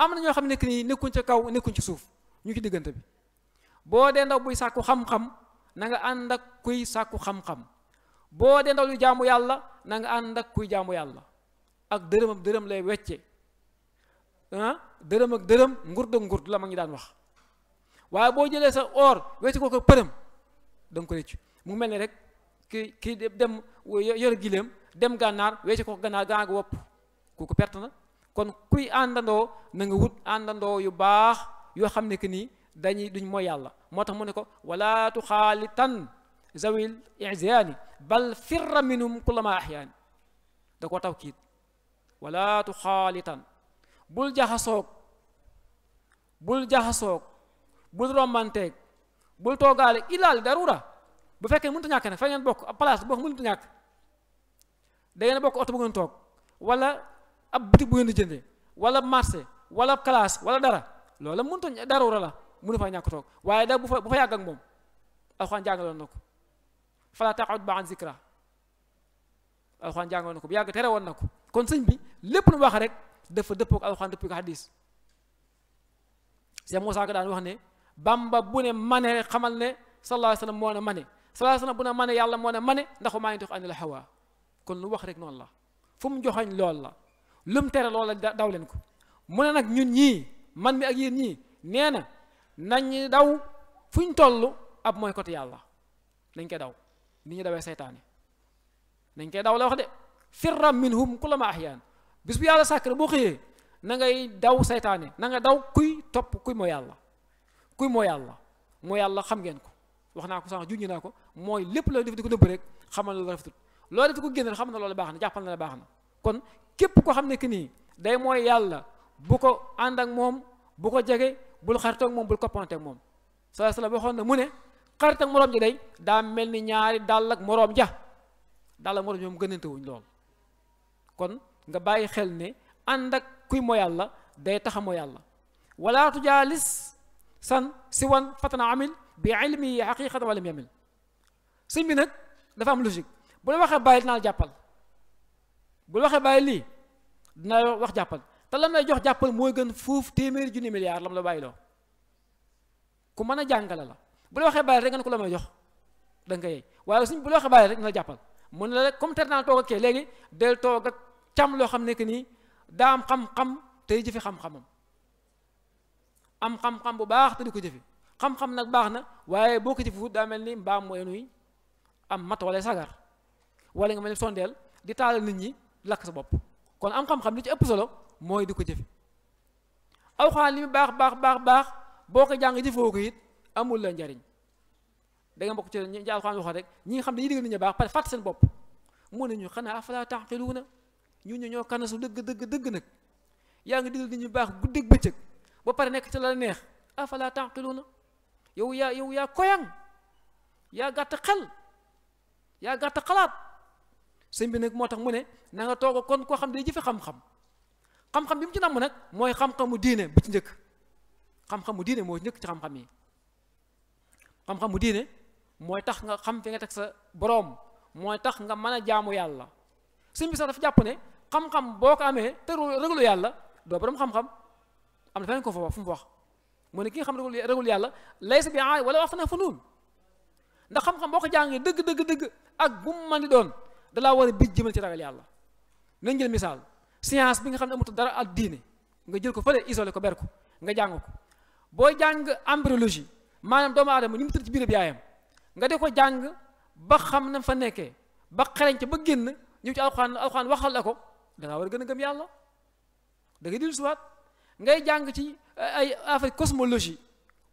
am na ñoo xam ne nekk nii nekkuñ ca kaw nekkuñ ci suuf ñu ci diggante bi boo dee ndaw buy sàkku xam-xam na ànd ak kuy sàkku xam-xam boo dee ndaw lu jaamu yàlla nanga ànd ak kuy jaamu yàlla ak dërëm ak dërëm lay wecce ah ak dërëm ngurd ak la mag ñi daan wax waaye boo jëlee sa or wecce ko ko përëm donc nga ko rëcc mu mel rek ki ki dem yor gileem dem ganar weesu ko gànnaar gànnaar gu wopp kooku na kon kuy àndandoo na nga wut àndandoo yu baax yoo xam ne que dañuy duñ mooy yàlla moo mu ne ko wala tuxaalitan zawil iziani bal firra minum kullama ahyaani da koo taw wala tuxaalitan bul jaxasok bul jaxasok bul romantek bul togalé ilal darura bu fekké mënut a ñàkk fa ñen bokk place boo xam mënut a da ngay bokk auto bu ngeen tok wala ab boutique bu ngeen di wala marché wala classe wala dara loolu mënut darura la mënu fa ñak tok waaye da bu fa yag ak mom alquran nako fala taqud ba'an zikra Alquran jàngaloon nako bu yag téré won nako kon señ bi lepp lu wax rek dafa dëppoo ak alxuraan dëppoo ak hadis Cheikh Ka daan wax né bamba bu ne mane rek xamal ne sallallahu alayhi wa sallam moo ne mane sallallahu alayhi wa sallam bu ne mane yàlla moo ne mane ndax maa ngi dox anil hawa kon lu wax rek noonu la fu mu joxañ lool la lu mu tere lool la daw leen ko mu ne nag ñun ñii man mi ak yéen ñii nee na nañ daw fu ñu toll ab mooy côté yàlla nañ koy daw ni ñu dawee seytaane nañ koy daw la wax de firram minhum kullama ahyaan bis bu yàlla sàkkare boo xëyee na ngay daw seytaane na nga daw kuy topp kuy mooy yàlla kuy mooy yàlla mooy yàlla xam ngeen ko wax naa ko sànq junj naa ko mooy lépp loo def di ko nëbb rek xamal loolu rafetul di xam na loolu baax na jàppal na la baax na kon képp ko xam ne que nii day mooy yàlla bu ko ànd ak moom bu ko jege bul xaritoog moom bul koppanteeg moom sallallahu alayhi wasallam waxoon na mu ne xarit ak moroom ja day mel ni ñaari dàll ak moroom ja dàll ak moroom ja moom gënante wuñ lool kon nga bàyyi xel ne ànd ak kuy mooy yàlla day taxa mooy yàlla wala tujaalis سن سوان فتنا عمل بعلمي حقيقة ولم يعمل سن بنت دفهم لوجيك بول واخا بايل نال جابال بول واخا بايل لي دنا واخ جابال تا لام لاي جوخ جابال موي گن فوف تيمير جوني مليار لام لا بايلو كو مانا جانغال لا بول واخا بايل رك نكو لام لاي جوخ دنگ ياي وايو سن بول واخا بايل رك نال جابال مون لا كوم ترنال توك كي لغي دل توك تام لو خامني كني دام خام خام تاي جيفي خام خامم am xam-xam bu baax te di ko jëfe xam-xam nag baax na waaye boo ko jëfewut daa mel ni mbaam am mat wala sagar wala nga mel ni sondeel di taalal nit ñi lakk sa bopp kon am xam-xam li ci ëpp solo mooy di ko jëfe alxuraan li mu baax baax baax baax boo ko jàng jëfoo ko it amul la njariñ da nga bokk ci jaal xaan waxoon rek ñi nga xam dañuy digal nit ñi baax pare fàtt seen bopp mu ne ñu xanaa afala taqiluuna ñu ñu ñoo kanasu dëgg dëgg dëgg nag yaa ngi digal nit ñi baax guddeeg bëccëg ba pare nekk ci lal neex afala tànqiluuna yow yaa yow yaa koyan yaa gàtt xel yaa gàtt xalaat sëñ bi nag moo tax mu ne na nga toog kon koo xam day jëfe xam-xam xam-xam bi mu ci namm nag mooy xam-xamu diine bu ci njëkk xam-xamu diine moo njëkk ci xam-xam yi xam-xamu diine mooy tax nga xam fi nga teg sa boroom mooy tax nga mën a jaamu yàlla sëñ bi sax dafa jàpp ne xam-xam boo ko amee te rëglu yàlla doo boroom xam-xam am na ko fa fu wax mo ne ki xam regul regul yalla laysa bi ay wala wax funun ndax xam-xam boko jangé deug deug deug ak bu mu mën di doon dalaa war a bij jëmal ci ragal yalla nañ jël misal science bi nga xam amut dara al diine nga jël ko fele isolé ko ber ko nga jang ko boo jang embryologie manam doomu adam ni mu ci biir bi nga di ko ba xam na fa nekké ba xereñ ci ba genn ñu ci waxal lako da nga wara gëna gëm yalla da nga suwat ngay jàng ci eh, ay affaire cosmologie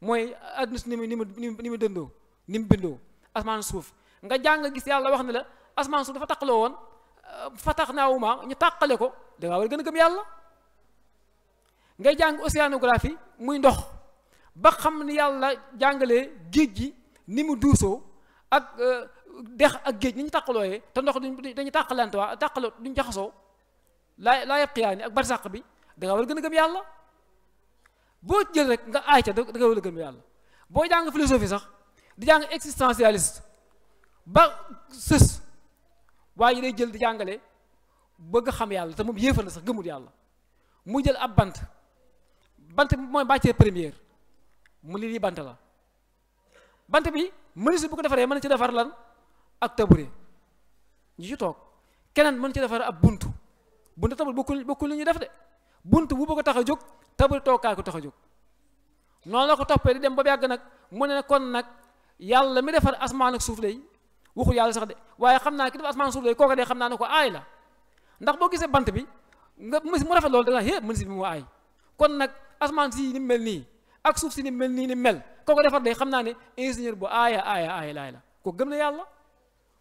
mooy adduna si ni mu ni mu ni mu dëndoo ni mu bindoo asmaan suuf nga jàng gis yàlla wax ne la asmaan suuf dafa taqaloo woon eh, fa tax naawuma ñu tàqale ko da war a gën gëm yàlla ngay jàng océanographie muy ndox ba xam ni yàlla jàngale géej gi ni mu duusoo ak eh, dex ak géej ni ñu tàqalooyee te ndox duñ dañu tàqalante waa tàqalo duñ jaxasoo laa laa yëpp xiyaani ak barsàq bi da ngaa war a gën gëm yàlla boo jël rek nga aay ca da nga war a gëm yàlla boo jàng philosophie sax di jàng existentialiste ba sës waaye day jël di jàngale bëgg xam yàlla te moom yéefal na sax gëmul yàlla mu jël ab bant bant bi mooy matière première mu li bant la bant bi menuisier bu ko defaree mën na ci defar lan ak tabouret ñu ci toog keneen mën ci defar ab buntu buntu tabouret bokkul bokkul li ñuy def de bunt bu ko tax a jóg tabu tookaay ko tax a jóg noonu la ko toppee di dem ba yàgg nag mu ne kon nag yàlla mi defar asmaan ak suuf day waxul yàlla sax de waaye xam naa ki defar asmaan ak suuf day kooka xam naa ne ko aay la ndax boo gisee bant bi nga mu rafet loolu danga hé mën si mu aay kon nag asmaan si ni mel nii ak suuf si ni mel nii ni mel kooka defar day xam naa ne ingénieur bu aaya aaya aaya la ko gëm na yàlla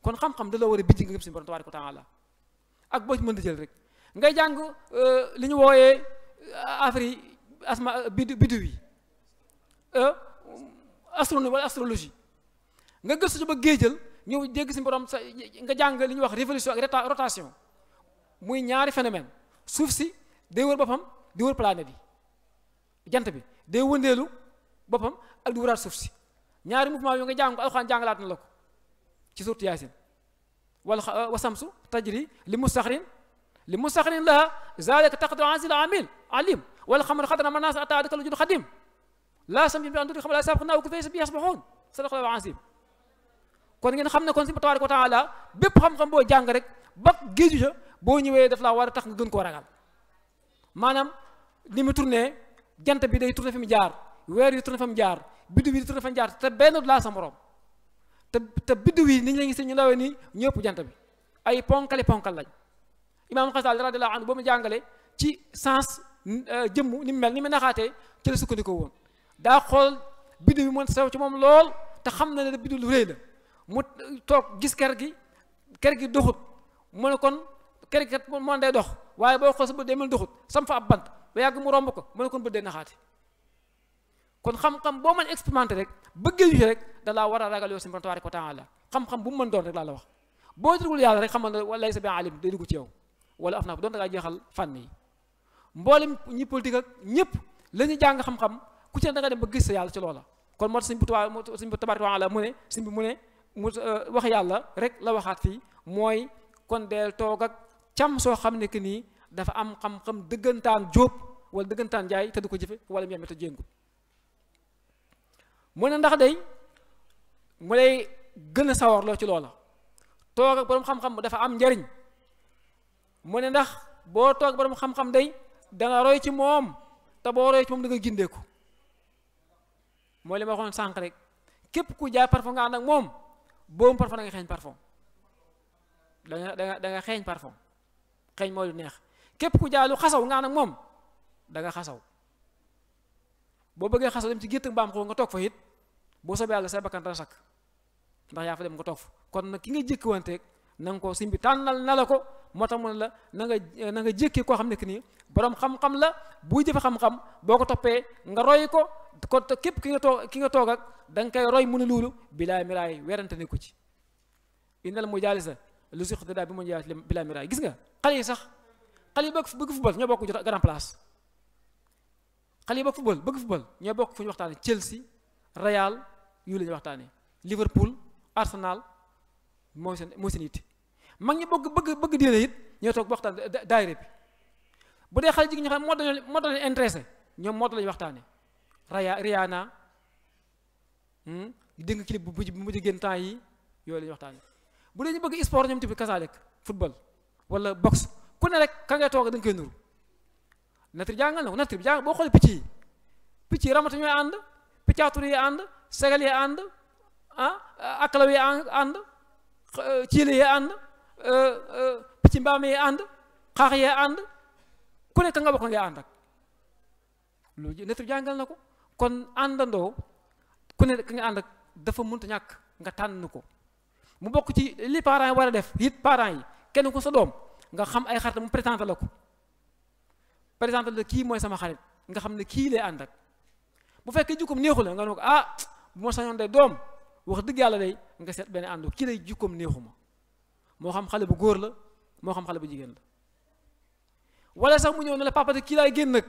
kon xam-xam da la war a bijji nga gëm si borom tabaaraka wa taala ak boo ci mën di jël rek ngay jang euh liñu woyé afri asma bidu bidu wi euh astronomie wala astrologie nga gëstu ci ba géejal ñu dégg ci borom nga jang liñu wax révolution ak rotation muy ñaari phénomène suuf ci day wër bopam di wër planète bi jant bi day wëndeelu bopam ak di wërat suuf ci ñaari mouvement yu nga jang alcorane jangalat na lako ko ci suurtu yaasin wala wasamsu tajri li mustaxrin لمسخر لها ذلك تقدر عزل العامل عليم والخمر خضر من الناس أتى ذكر الوجود خديم لا سمي بأن تدري خمر لا سابقنا وكفيس بي يصبحون صدق الله العظيم kon ngeen xam ne kon suñu tabaaraka wa taala bépp xam-xam boo jàng rek ba géeju sa boo ñëwee daf laa war a tax nga gën koo ragal maanaam ni mu tourné jant bi day tourné fi mu jaar weer yi tourné fa mu jaar biddu bi di tourné fa mu jaar te benn laa sa morom te te biddu yi ni ñu la ngi seen ñu lawee ni ñëpp jant bi ay ponkali ponkal lañ imaam Xasaali radiyallaahu anhu bamu jàngale ci sens jëm ni mel ni mu naxaatee ci la sukkandiko won da xol bidu bi mën sew ci mom lol te xam na ne bidu lu rëy la mu tok gis ker gi ker gi doxut mo ne kon ker gi kat moom day dox waye bo xol sa bët day doxut sam fa ab bant ba yag mu romb ko mo ne kon bët day naxaate kon xam-xam bo man experimenter rek beugay yu rek da la wara ragal yo si borom tabaaraka wa taala xam-xam bu mu man doon rek la la wax bo dirul yàlla rek xam na wallahi sabbi alim de dugu ci yow wala af naa ko doon da jeexal fànn yi mboolem ñi politique ak ñëpp la ñu jàng xam-xam ku ci ne da dem ba gis sa yàlla ci loola kon moo tax sëñ bu tubaa sëñ bu tabaaraka wa mu ne sëñ bi mu ne mu euh, wax yàlla rek la waxaat fii mooy kon deel toog ak cam soo xam ne que nii dafa am xam-xam dëggantaan jóob wala dëggantaan jaay te du ko jëfe wala mu yemee te jéngu mu ne ndax day mu lay gën a sawarloo ci loola toog ak boroom xam-xam dafa am njariñ mu ne ndax boo toog borom xam-xam day danga roy ci moom te boo roy ci moom da nga gindeeku mooy li ma waxoon sànq rek képp ku jaay parfum nga ànd ak moom boobu parfum da xeeñ parfum da da nga da nga xeeñ parfum lu neex képp ku jaay xasaw nga ànd moom da nga xasaw boo bëggee xasaw dem ci gétt mbaam xoo nga toog fa it boo soobee yàlla say bakkan dana sakk ndax yaa fa dem nga toog fa kon nag ki nga jëkkiwanteeg na nga ko simbi tànnal na la ko moo tax mu ne la nanga nanga na jékkee koo xam ne que nii borom xam-xam la buy jëfe xam-xam boo ko toppee nga roy ko ko képp ki nga toog ki nga toog ak da koy roy mu ne loolu bilaa miraay werante ne ko ci innal mujaalisa lu si daal bi mu jaay bilaa miraay gis nga xale yi sax xale yi bëgg bëgg football ñoo bokk grand place xale yi bëgg football bëgg football ñoo bokk fu ñu waxtaane Chelsea Real yu la ñu waxtaane Liverpool Arsenal mooy seen mooy seen yitte mag ñi bëgg bëgg bëgg diine yit ñoo tok waxtaan daayira bi bu dee xale jigéen ñi xam mo dañu mo dañu intéressé ñoom mo dañu waxtaané raya hmm di dëng clip bu bu bu di génn temps yi yooyu lañu waxtaané bu dee ñu bëgg sport ñoom tamit kasaalek football wala box ku ne rek ka ngay toog dañ koy nuru natri jangal na natri bi bo xol xoolee picc ramata ñoy and piccaatur yi ànd segal yi and ah akalaw yi and ciile yi and ci euh, euh, mbaam yee ànd xaax yee ànd ku nekk nga bokk nga ànd ak loolu jàngal na ko kon àndandoo ku ne ka nga ànd ak dafa mënta ñàkk nga tànn ko mu bokk ci li parents yi war a def it parents yi kenn ku sa doom nga xam ay xaritam mu présenté la ko présenté la kii mooy sama xarit nga xam ne kii lay ànd ak bu fekkee jukkoom nga ne ko ah bu ma sañoon day doom wax dëgg yàlla day nga seet benn ànd kii lay jukkoom neexu moo xam xale bu góor la moo xam xale bu jigéen la wala sax mu ñëw ne la papa de kii laay génn nag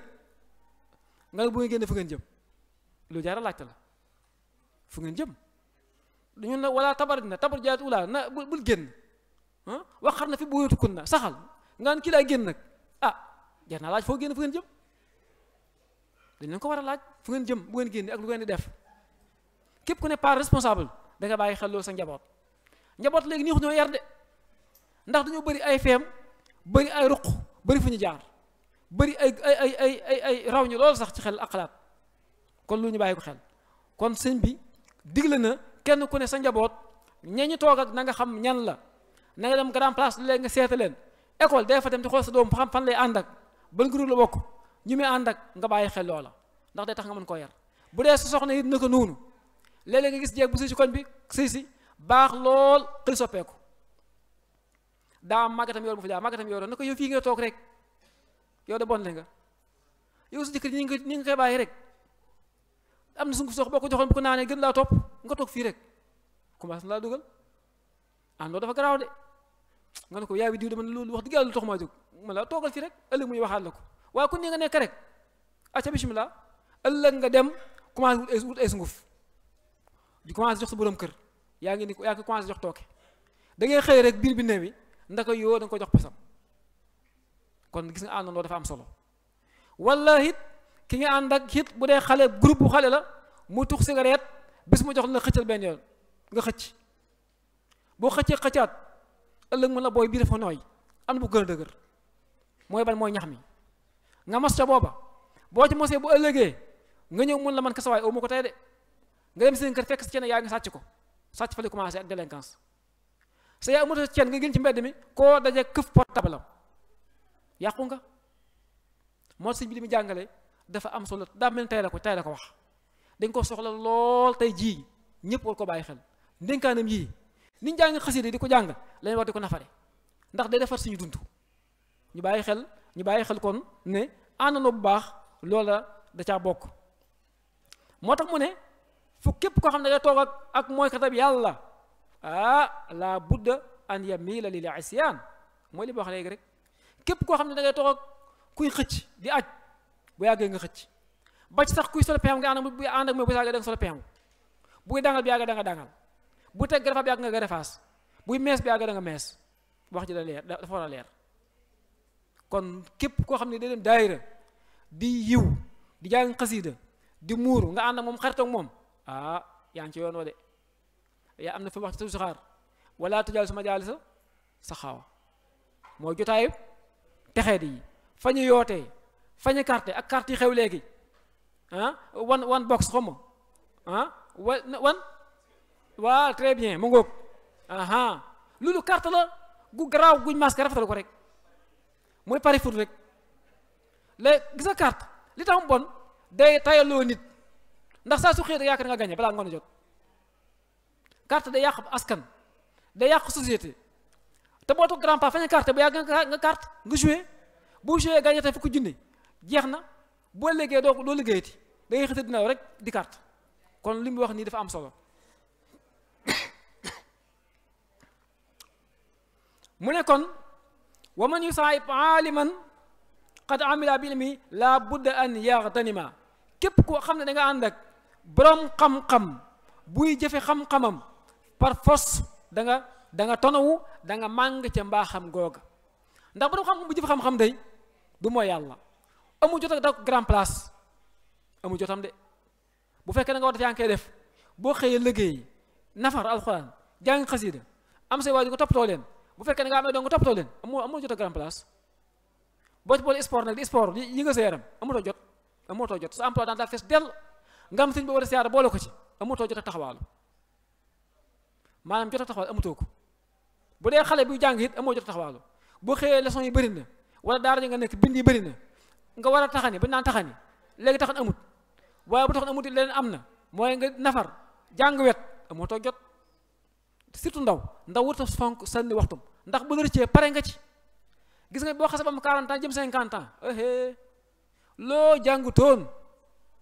nga ne bu ngeen génn fu ngeen jëm lu jaara laajte la fu ngeen jëm ñun nag wala tabar na tabar jaat ula na génn wax xam na fi bu tukun na saxal nga ne génn nag ah jar naa laaj foo génn fu ngeen jëm dañ ko war a laaj fu ngeen jëm bu ngeen génn ak lu ngeen di def képp ku ne par responsable da nga bàyyi xel loolu sa njaboot njaboot léegi nii xu ñoo yar de ndax dañu bari ay fem bari ay ruq bari fuñu jaar bari ay ay ay ay ay ay raw ñu loolu sax ci xel akhlaq kon lu ñu bàyyi xel kon señ bi digle na kenn ku ne sa njabot ña ñu toog ak na nga xam ñan la na nga dem grand place le nga seeta leen école day fa dem di xol sa doom xam fan lay andak ban groupe la bok ñu mi andak nga bayi xel loola ndax day tax nga mën ko yar bu dee sa soxna it naka noonu léeg-léeg nga gis jeeg bu sëy ci koñ bi sëy si baax lool xëy soppeeku daa màggatam yoor mu fi daa na ko yow fii nga toog rek yow da bonle nga yow su jëkkër ñi nga ñi bàyyi rek am na sunguf sox boo ko joxoon bu ko naanee gën laa topp nga toog fii rek commencé na laa dugal ah loolu dafa garaaw ne ko yaa wi diw de man loolu wax dëgg yàlla lu maa jóg laa toogal fii rek ëllëg muy waxaat la ko waaye ku ni nga nekk rek acca bismillah ëllëg nga dem commencé wut ay wut ay sunguf di commencé jox sa borom kër yaa ngi ni yaa ngi commencé jox tooke da ngay xëy rek biir bi neewi ndaka yoo da ko jox posam kon gis nga àndandoo dafa am solo wala it ki nga ànd ak it bu dee xale groupe bu xale la mu tux cigarette bis mu jox la xëccal benn yoon nga xëcc boo xëccee xëccaat ëllëg mën la booy bii dafa nooy am bu gën a dëgër mooy ban mooy ñax mi nga mos ca booba boo ci mosee bu ëllëgee nga ñëw mën la man kasawaay aw ma ko tey de nga dem seen kër fekk si cene yaa ngi sàcc ko sàcc fa li commencé ak délinquance sa yaay moto ceen nga génn ci mbedd mi koo daje këf portable am yàqu nga moo sëñ bi li mu jàngale dafa am solo daa mel tey la ko tey la ko wax dañ ko soxla lool tey jii ñëpp war ko bàyyi xel ndénkaanam yii niñ ñu jàng xasida di ko jàng lañ war di ko nafare ndax day defar suñu dund ñu bàyyi xel ñu bàyyi xel kon ne na bu baax loola da caa bokk moo tax mu ne fu képp koo xam ne day toog ak ak mooy katab yàlla ah la budda an yamila lil isyan mooy li ma wax léegi rek képp koo xam ne da ngay kuy xëcc di aj bu yàggee nga xëcc ba sax kuy sol pexem nga ànd bu ànd ak mooy sol pexem buy dangal bi yàgg da nga dangal bu teg garafaat bi nga garafaas buy mees bi yàgg da nga mees wax ji da leer a leer koo xam ne da dem daayira yiw di jàng xasiida di moom xarit moom ah yaa ngi ci yoon wa de ya amna fi waxtu sukhar wala tujal suma jaal sa saxaawa mooy jotaayu texee di fa ñu carte ak carte xew legi ah wan wan box xaw han ah wan wa très bien mo ngok aha lulu carte la gu graw guñ masque rafetal ko rek moy pari foot rek le gisa carte li tax bon day tayalo nit ndax sa su xet yak nga gagné bala ngoon jot carte day yàq askan day yàq société te boto grand pas feneen carte bu yàgg nga carte nga jouer bu jouer gagné tey fuk junni jeex bo boo do do doo day xété dina rek di carte kon li wax ni dafa am solo mune kon waman yusaib aliman qad amila bi ilmi laa budda an yaxtanima képp koo xam ne da nga ànd ak boroom xam-xam buy jëfe xam-xamam par force da nga da nga tonawu da nga mang ci mbaxam goga ndax borom xam bu jëf xam-xam day du mo yalla amu jot ak grand place amu jotam de bu fekkee da nga war def def bo liggéey nafar alquran jang xasida am say waji ko toppatoo len bu fekkee da nga amee donc toppatoo len amu amu jot ak grand place bo ci bol sport nak di sport yi nga sa amu to jot to jot sa emploi dans la fesse del nga am sëñ bi war ko ci to jot ak maanaam jot a taxawal amutoo ko bu dee xale bu jàng it amoo jot a taxawaalu boo xëyee leçon yi bëri na wala daara ji nga nekk bind yi bëri na nga war a taxani ba naan taxani léegi taxan amut waaye bu taxan amut it leneen am na mooy nga nafar jàng wet amootoo jot surtout ndaw ndaw wut a fonk sànni waxtum ndax bu la rëccee pare nga ci gis nga boo xasee ba am 40 ans jëm 50 ans eh, eh loo jàngutoon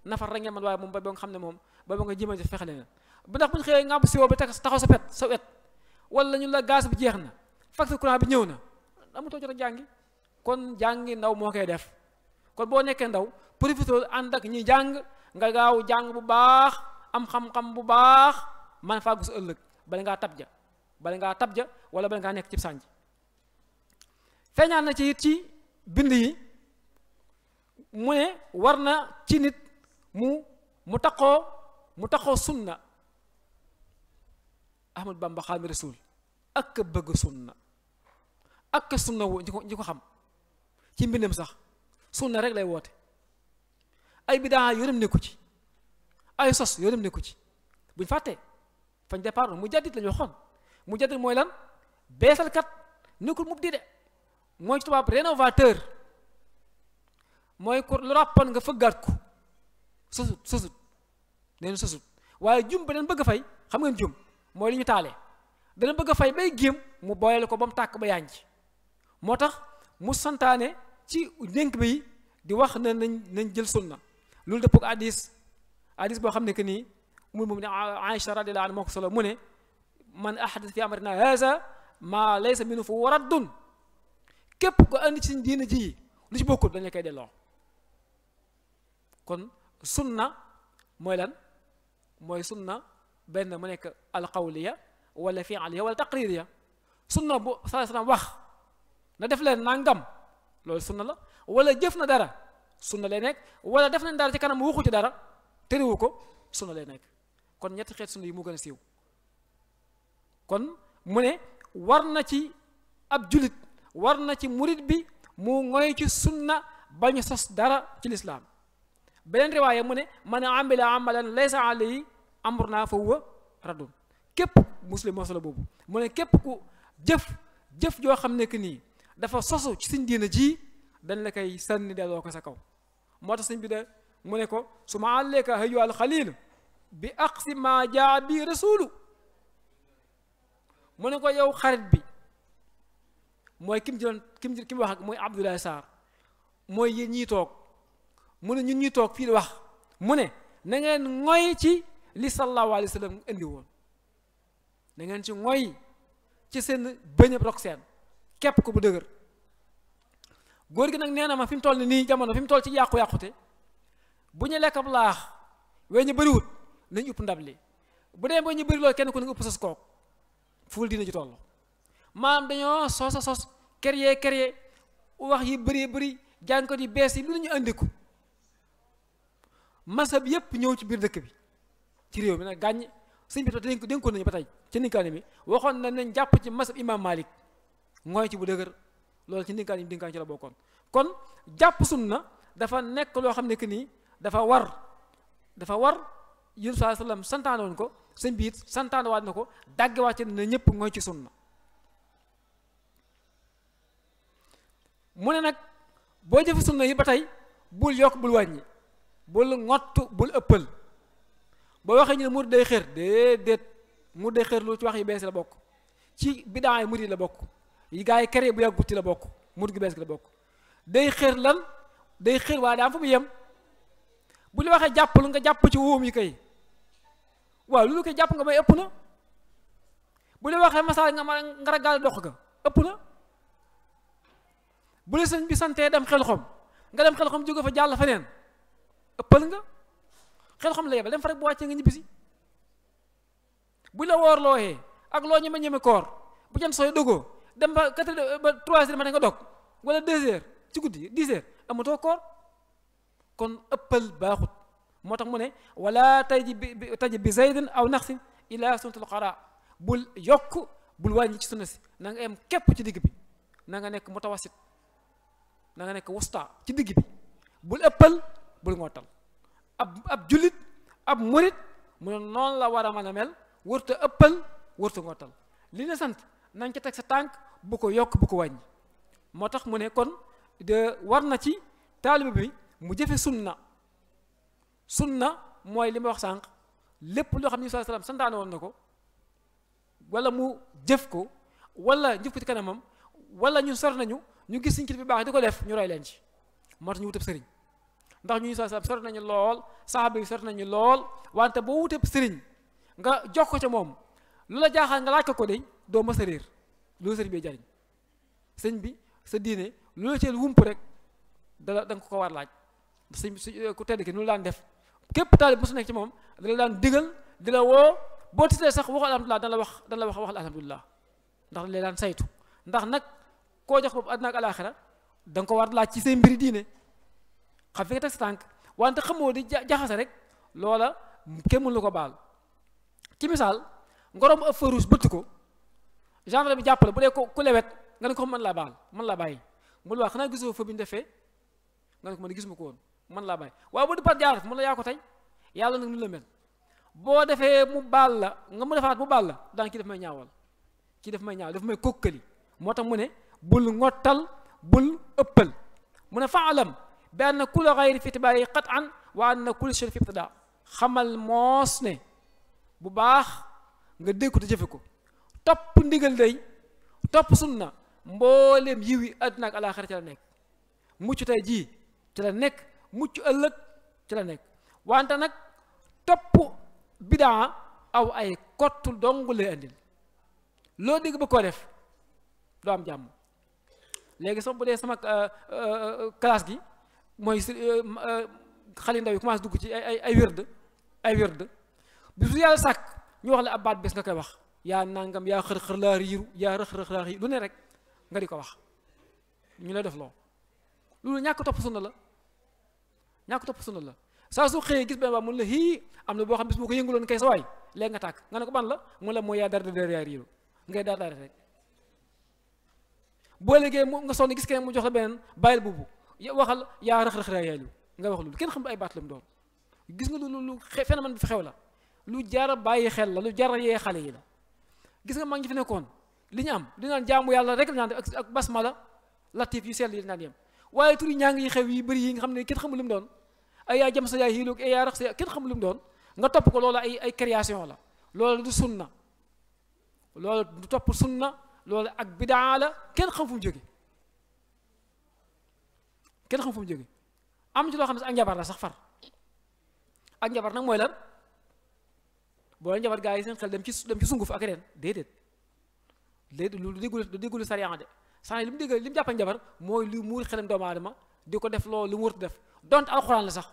nafar rek moom ba nga xam ne moom ba nga jéem a fexe leen bu ndax buñ xëyee nga am si woo ba taxaw sa pet sa wet wala ñu la gas bi jeexna na facture bi na kon jangi ndaw mo koy def kon bo nekké ndaw profité and ak ñi jang nga gaaw jang bu baax am xam-xam bu baax man fa gus ëlëk bal nga tabja ja bala ngaa ja wala bal nga nekk ci sànj feeñaan na ci ci mu ne war ci nit mu mu taxo mu taxo sunna Ahmad Bamba Xaadimu Rasuul ak a bëgg sunna ak sunna woo ñi ko ñi ko xam ci mbindam sax sunna rek lay woote ay bidaa yoonam nekku ci ay sos yoonam nekku ci buñ fàttee fañ départ mu jaddit lañu waxoon mu jaddit mooy lan beesalkat nekkul mub di de mooy ci rénovateur mooy ko lu ràppoon nga fëggaat ko sosut sosut neen sosut waaye jum beneen bëgg fay xam ngeen jum moy liñu talé da dana bëgg fay bay gem mu boyal ko bam tak ba yànj moo tax mu santane ci dénk bi di wax na nañ jël sunna lool da ak addis addis bo xamne ke ni nii umul mu'minin Aïcha radiyallahu anha moo ko solo mu ne man ahadis fi amrina hadha ma laysa min fa waraddun képp ko andi ci diina ji lu ci bokul dañ la kay delo kon sunna moy lan moy sunna بين الملكة القولية ولا فعلية ولا تقريرية sunna bu saa salaam wax na def leen nangam loolu sunna la wala jëf na dara sunna lay nekk wala def nañ dara ci kanam waxu ci dara tëriwu ko sunna lay nekk kon ñetti xeet sunna yi moo gën a siiw kon mu ne war na ci ab julit war na ci murit bi mu ngoy ci sunna bañu sos dara ci lislaam beneen riwaaya mu ne man amila amalan laysa alayhi amur naa fa wa raddu képp muslim masala boobu mu ne képp ku jëf joo xam ne que nii dafa sosu ci suñ diina ji dañ la koy sànni delloo ko sa kaw moo tax suñ bi de mu ne ko su ma àlleeka hayu al xalil bi bi rasulu mu ne ko yow xarit bi mooy kim ji wax ak mooy Abdoulaye Sarr mooy yéen ñii toog mu ne ñun ñuy toog fii di wax mu ne na ngoy ci li sallallahu alayhi wasallam indi won da ngeen ci ngoy ci sen bëñëb rok seen képp ko bu dëgër góor gi nak neena ma fim toll ni jamono fim toll ci yaqku yaqute bu ñu lekk ab nañ upp ndab bu dem bo ñu bari lo kenn ko upp sos ko ful dina ci toll maam dañoo sos sos kër yee wax yi bari bari jàngkat bes yi lu ñu andiku masab yep ñew ci bir dekk bi ci réew mi nag gàññ sëñ bi te dénkoon nañu ba tey ci ndinkaane mi waxoon na nañ jàpp ci masab imam malik mooy ci bu dëgër loolu ci ndinkaan yi ndinkaan ci la bokkoon kon jàpp sunna dafa nekk loo xam ne que nii dafa war dafa war yéen saa sallam santaane woon ko sëñ bi it santaane waat na ko dàgge wàcce na ñëpp mooy ci sunna mu ne nag boo jëfe sunna yi ba tey bul yokk bul wàññi bul ngottu bul ëppal boo waxee ñu ne murid day xër déedéet murid day xër lu ci wax yi bees la bokk ci bidaay murid la bokk yi gaa yi kere bu yàggut ci la bokk murid gu bees la bokk day xër lan day xër waaye daa am fu mu yem bu la waxee jàpp lu nga jàpp ci wóom yi kay waaw lu lu koy jàpp nga may ëpp na bu la waxee masaal nga ma nga ragal dox ga ëpp na bu la sëñ bi santee dem xel xom nga dem xel xom jóge fa jàll feneen ëppal nga xel xam la yebal dem fa rek bu wàccee nga ñibbi si bu la woor looxee ak loo ñeme ñeme koor bu jant sooy dogoo dem ba quatre ba trois heures matin nga dog wala deux heures ci guddi dix heures amatoo koor kon ëppal baaxut moo tax mu ne wala tayji bi taji bi zaydin aw naqsin ila sunnatul qara bul yokku bul wàññi ci sunna si na nga am képp ci digg bi na nga nekk mutawasit na nga nekk wusta ci digg bi bul ëppal bul ngootal ab ab jullit ab murit mu ne noonu la war a mën mel wërta ëppal wërta ngottal li la sant nañ ca teg sa tànk bu ko yokk bu ko wàññi moo tax mu ne kon war na ci taalibe bi mu jëfe na sunna na mooy li ma wax sànq lépp loo xam ne sallallahu alayhi santaane woon na ko walla mu jëf ko wala jëf ko ci kanamam wala ñun sor nañu ñu gis suñ kilifa bi baax di ko def ñu roy leen ci moo tax ñu wutab sëriñ ndax ñu sa sori nañu lool saaba yi sori nañu lool wante boo wutee sëriñ nga jox ko ca moom lu la jaaxal nga laaj ko ko de doo mës a réer loolu sëriñ bi jariñ sëñ bi sa diine lu la ceel wump rek dala da ko war laaj sëñ eh, ku tedd ki nu daan def képp taalib mosu nekk ci moom dala daan digal di woo boo tisee sax waxu alhamdulilah dana la wax dana la wax wax alhamdulilah ndax lee daan saytu ndax nag koo jox ak alaaxira da nga ko war laaj ci seen mbiri diine xam fi nga teg sa tànk wante xamoo di jaxase rek loola kenn lu ko baal ci misaal ngorom ab feu rouge bëtt ko gendarme bi jàppale bu dee ku lewet nga ne ko man laa baal man laa bàyyi mu ne waaw xanaa gisoo fa bi ñu defee nga ne ko man gisuma ko woon man laa bàyyi waaye bu di pat jaar mu la yaa ko tey yàlla nag nu la mel boo defee mu baal la nga mu defaat mu baal la daan ki daf may ñaawal ki daf may ñaawal daf may kokkali moo tax mu ne bul ngottal bul ëppal mu ne faalam بان كل غير في اتباعه قطعا وان كل شيء في ابتداء خمل موسني بباخ غدي كنت جفكو توب نديغل داي توب سنة مبولم يوي أدناك على آخر تلانيك موچو تاي جي تلانيك موچو ألك تلانيك وانتا نك توب بدا أو أي كوتو دونغو لي أندل لو ديغ بكو ديف لو أم جامو لأجي سمبولي سمك كلاس جي mooy xale ndaw yi commencé dugg ci ay ay ay wérd ay wérd bi su yàlla sàkk ñu wax la ab baat bés nga koy wax yaa nangam yaa xër-xër laa riiru yaa rëx-rëx laa riiru lu ne rek nga di ko wax ñu lay def loo loolu ñàkk topp sunna la ñàkk topp sunna la saa su xëyee gis benn baa mun la hii am na boo xam bis moo ko yënguloon kay sa waay léegi nga tàkk nga ne ko ban la mu la mooy yaa dara dara yaa riiru ngay dara dara rek boo léegi mu nga sonn gis keneen mu jox la beneen bàyyil buubu waxal yaa rëx rëx raayalu nga wax loolu kenn xam ay baat la mu doon gis nga lu lu phénomène bi fi xew la lu jar a bàyyi xel la lu jar a yee xale yi la gis nga maa ngi fi nekkoon li ñu am di naan jaamu yàlla rek la naan ak ak basmala latif yu sell yi naan yem waaye turi ñaa ngi xew yi bëri yi nga xam ne kenn xamul lu mu doon ay yaa jam sa yaa hiiloog ay yaa rax sa kenn xamul lu mu doon nga topp ko loolu ay ay création la loolu du sunna loolu du topp sunna loolu ak bidaa la kenn xam fu mu jóge kenn xam fu mu jóge am ci loo xam ne ak njabar la sax far ak njabar nag mooy lan boo leen njabar gaa yi seen xel dem ci dem ci sunguf ak reen déedéet léegi lu déggul lu déggul sariya de sànni li mu dégg li mu jàppal njabar mooy lu muur xelam doomu aadama di ko def loolu lu mu wër def donte alxuraan la sax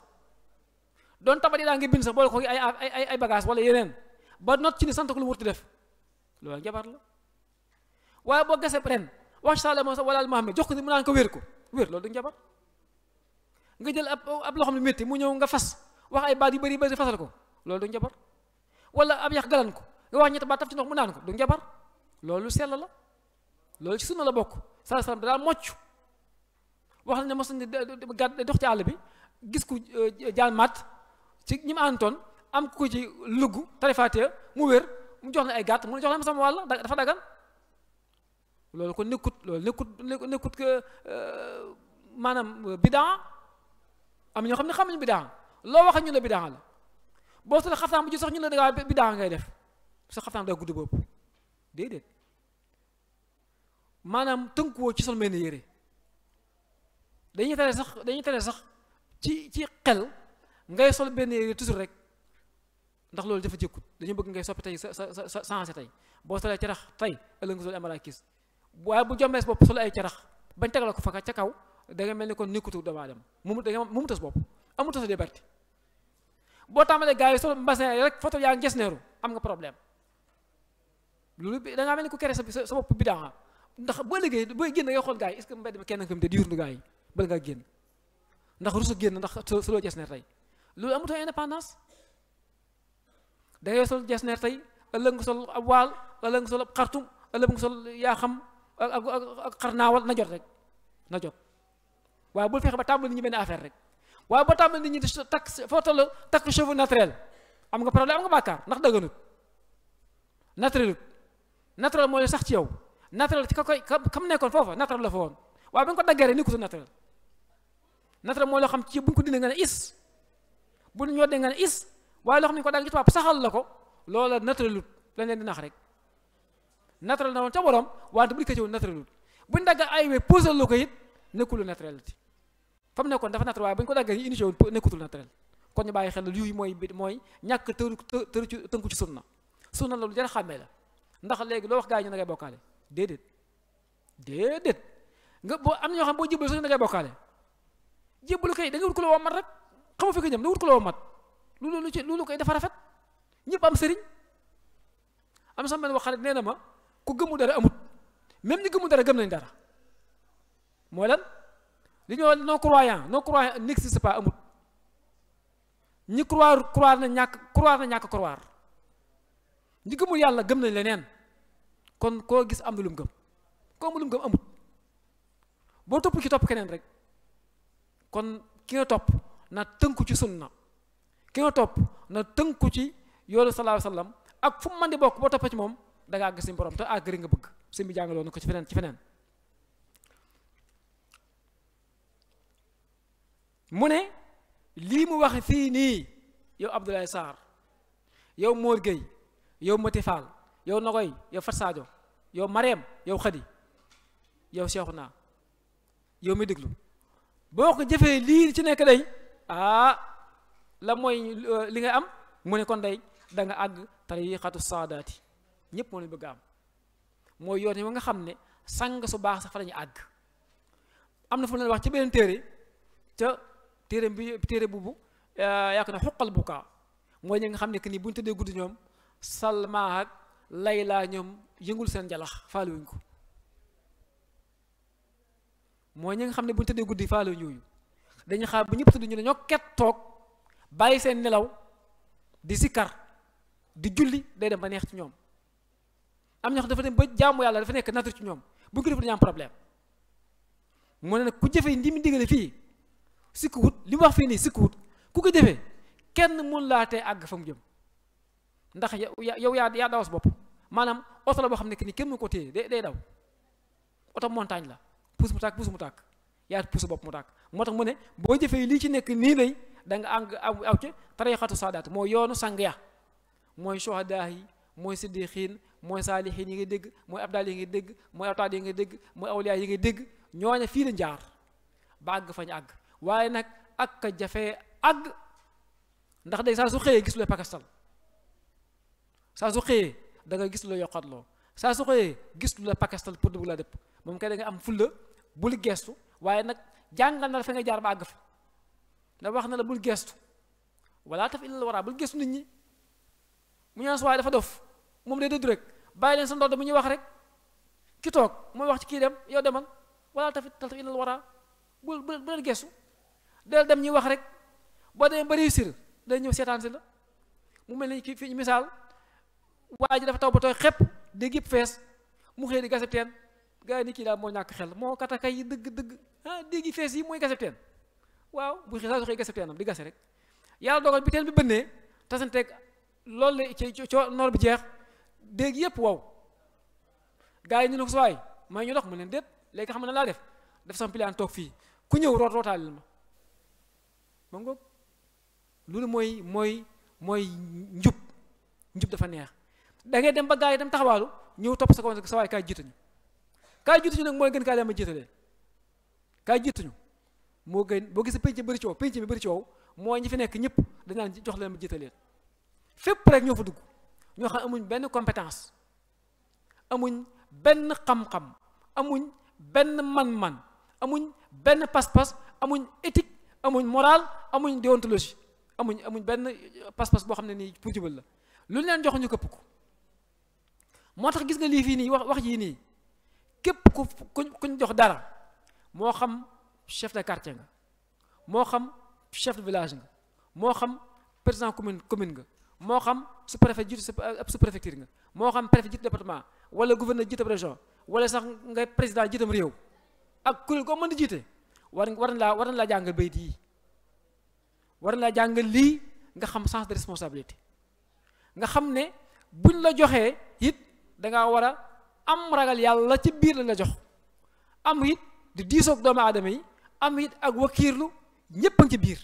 doon tabati daa ngi bind sax boole ko ay ay ay bagage wala yeneen ba not ci ni sant ko lu mu wër def loolu njabar la waaye boo gasee ren wax si saa la moom sax walaal Muhammad jox ko ni mu naan ko wér ko wér loolu du njabar. nga jël ab ab loxoom lu métti mu ñëw nga fas wax ay baat yu bëri bëri fasal ko loolu du njabar wala ab yax galan ko nga wax ñetti baat taf ci ndox mu naan ko du njabar loolu sell la loolu ci sunna la bokk sallallahu alayhi wasallam mocc wax na ne mos nañu gàdd dox ci àll bi gis ku euh, jaan maat ci ñi mu am ku ko ci lugg tarifaatee mu wér mu jox na ay gàtt mu ne jox na ma sama wàll dafa dagan loolu ko nekkut loolu nekkut nekkut euh, euh, maanaam bidaa am ñoo xam ne xamuñu bidaa loo wax ñu la bidaa la boo solee xaftaan bu ji sax ñu la dangaa bidaa ngay def sa xaftaan daa gudd bopp déedéet maanaam tënkuwoo ci sol mel yére dañuy tere sax dañuy tere sax ci ci xel ngay sol benn yére toujours rek ndax loolu dafa jëkkut dañu bëgg ngay soppi tey sa sa sa sensé tey boo solee carax tey ëllëg nga sol amara kiis waaye bu jommees bopp sol ay carax bañ tegal ko fa ca kaw da nga mel ni kon nekkutu doomu aadama mu da nga mu mu tas bopp amu tasu dee barti boo tàmbalee gars yi sol mbasin rek photo yaa ngi ges neeru am nga problème loolu dangaa mel ni ku kere sa sa bopp bi daa ndax boo liggéey booy génn ngay xool gars yi est ce mbedd mi kenn nga fi te di yurndu gars yi bala ngaa génn ndax rusu génn ndax soloo ges neer tey loolu amutoo indépendance da sol ges tey ëllëg nga sol ab waal ëllëg nga sol ab xartum ëllëg nga sol yaa xam ak ak xarnaawal na jot rek na jot waaye bu fexe ba tàmbali nit ñi benn affaire rek waaye ba tàmbali nit ñi di takk foo toll takk cheveux naturel am nga problème am nga bàkkaar ndax dëgganut naturel naturel mooy sax ci yow naturel ci ka koy kam nekkoon foofa naturel la fa woon waaye ba nga ko ni ko naturel naturel mooy loo xam ci bu ñu ko dindi nga ne is bu ko dagg ci tubaab la ko loola naturelut lañ di nax rek naturel na woon ca borom wante bu di ko ci bu ñu dagg ay we posal la ko it nekkul naturel ti fa mu nekkoon dafa naturel waaye ko daggee initié woon nekkutul naturel kon ñu bàyyi xel lii mooy bi mooy ñàkk tëru tëru ci tënku ci sunna sunna loolu jar xàmmee la ndax léegi loo wax gaa yi ñu ngay bokkaale déedéet déedéet nga boo am na ñoo xam boo jébbalu sax na ngay bokkaale jébbalu kay da nga wut ko la woo mat rek xamu fi ko ñëm da wut ko loo mat loolu lu ci koy dafa rafet ñëpp am sëriñ am sama benn wax xarit nee na ma ku gëmu dara amut même ñi gëmu dara gëm nañ dara mooy lan li ñoo non croyant non croyant n'existe pas amut ñi croire croire na ñàkk croire na ñàkk croire ñi gëmul yàlla gëm nañ leneen kon koo gis am na lu gëm koo lu mu gëm amut boo topp ci topp keneen rek kon ki nga topp na tënku ci sunna ki nga topp na tënku ci yoonu sallallahu alayhi wasallam ak fu mu mën di bokk boo toppee ci moom da àgg si borom te àgg rek nga bëgg si bi ko ci feneen ci feneen. mu ne lii mu wax fii nii yow Abdoulaye sar yow Mor Gueye yow Mati Fall yow Nogoy yow Fat Sadio yow Marème yow Khady yow Cheikhouna yow mi déglu boo ko jëfee ci nekk day ah la mooy li nga am mu ne kon day da nga àgg tariqatu sadati ñëpp moo leen bëgg am mooy yoon yi nga xam ne sang su baax sax fa lañu àgg fu wax ci beneen téere ca téere bi téere boobu eh, yak na xuqal buka mo ñi nga xam ni bu ñu de guddi Salma ak Layla ñoom yëngul seen jalax faale wuñ ko mooy ñi nga ham ne bu ñu tëddee guddi faale wuñ yooyu dañu xaar bu ñëpp tëdd ñu ne ñoo ket toog bàyyi seen nelaw di sikar di julli day dem ba neex ci am ñoo xam dafa dem ba jaamu ala dafa nekk nature ci ñoom bu ñu ko defee dañu am problème mu ne ku jëfee ndi mu digale fii sikkuwut li mu wax fii nii sikkuwut ku ko defee kenn mun laa tee àgg fa mu jëm ndax yow yaa yaa dawas bopp maanaam oto la boo xam ne que ni kenn mu ko téye day daw oto montagne la puus mu tàkk puus mu tàkk yaa puus bopp mu tàkk moo tax mu ne boo jëfee lii ci nekk nii lay da nga àgg aw ci tarixatu saadaat mooy yoonu sang ya mooy suhadaa yi mooy xiin mooy saalihiin yi nga dégg mooy abdaal yi nga dégg mooy awtaad yi nga dégg mooy awliyaa yi nga dégg ñooña fii la jaar ba fañ àgg waaye nag ak ka jafee àgg ndax day saa su xëyee gis lu pakastal saa su xëyee da nga gis lu yoqatloo saa su xëyee gis lu la pakastal pour bu la dëpp moom kay da am fulla bul gestu waaye nag jàngal na la fa nga jaar ba àgg fa ndax wax na la bul gestu wala taf illal waraa bul gestu nit ñi mu su waaye dafa dof moom day dëddu rek sa ndodd mu ñuy wax rek ki toog mooy wax ci kii dem yow demal wala taf taf illal waraa bul bul gestu del dem ñi wax rek bo dem ba réussir da ñëw seetaan ci la mu melni ki fi misal waji dafa taw ba tooy xepp di gépp fees mu xëy di gaseb teen ni ki da mo ñak xel mo kata kay yi deug ha de gi fess yi moy gasseten waaw bu xëy saa su xëy gaseb di gasse rek yàlla dogal bi teen bi bënnee tasanteeg loolu la ci ci nor bi jeex dégg yépp wow gaa yi ñu ne ko suwaay may ñu dox mu leen déet léegi xam ne laa def def sama plan tok fi ku ñëw rot rootaal ma ma ngoog loolu mooy mooy mooy njub njub dafa neex da ngay dem ba gaa yi dem taxawaalu ñëw topp sa kaw sa waay kaay jiituñu kaay jiituñu nag mooy gën kaay ma jiitalee kaay jiituñu moo gën boo gisee penc bëri coow penc bi bëri coow mooy ñu fi nekk ñëpp dañ naan jox leen ma jiitaleen fépp rek ñoo fa dugg ñoo xam amuñ benn compétence amuñ benn xam-xam amuñ benn man-man amuñ benn pas-pas amuñ éthique amuñ moral amuñ déontologie amuñ amuñ benn pas-pas boo xam ne nii pour jubal la lu leen jox ñu këpp ko moo tax gis nga lii fii nii wax wax yii nii képp ku kuñ jox dara moo xam chef de quartier nga moo xam chef de village nga moo xam président commune commune nga moo xam sous préfet jiitu ab sous nga moo xam préfet jiitu département wala gouverneur jiitam région wala sax ngay président jiitam réew ak kuréel koo mën di jiite war war na laa war na laa jàng bayit yi war na laa jàngal lii nga xam sens de responsabilité nga xam ne buñ la joxee it danga war a am ragal yàlla ci biir la la jox am it di diisoog doomu aadama yi am it ak wakiirlu ñépp a ci biir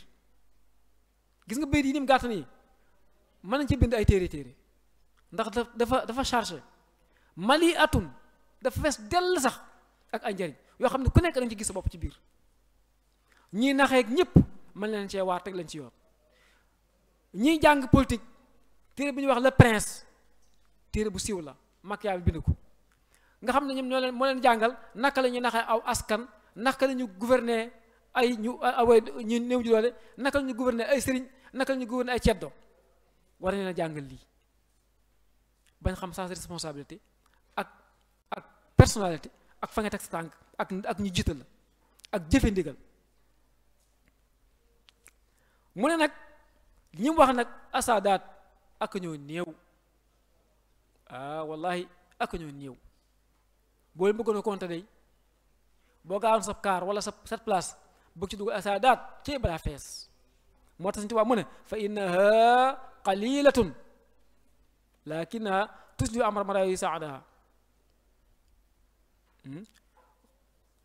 gis nga bayit yi nim mu gàtt mën nañ ci bind ay téere téere ndax dafa dafa chargé mali atun dafa fees dell sax ak ay njariñ yoo xam ne ku nekk dañ ci gis sa bopp ci biir ñiy naxeek ñëpp mën leen cee waar teg leen ci yoon ñiy jàng politique téere bi ñuy wax la prince téere bu siiw la Machiavel bind ko nga xam ne ñoom ñoo leen moo leen jàngal naka la ñuy naxee aw askan naka la ñu ay ñu néew ju doole naka la ñu gouverner ay sëriñ naka la ñu gouverner ay ceddo war nañ leen jàngal lii bañ xam sens responsabilité ak ak personnalité ak fa nga teg sa tànk ak ak ñu jiital la ak jëfe ndigal mu ne nag ñi mu wax nag asaadaat ak ñoo néew ah wallahi ak ñoo néew boo leen bëggoon a compter day boo gaawoon sa kaar wala sa sa place bëgg ci dugg asaadaat cee balaa fees moo tax Sëñ mu ne fa innaha qalilatun lakinnaha tusliu mara maraayu saadaha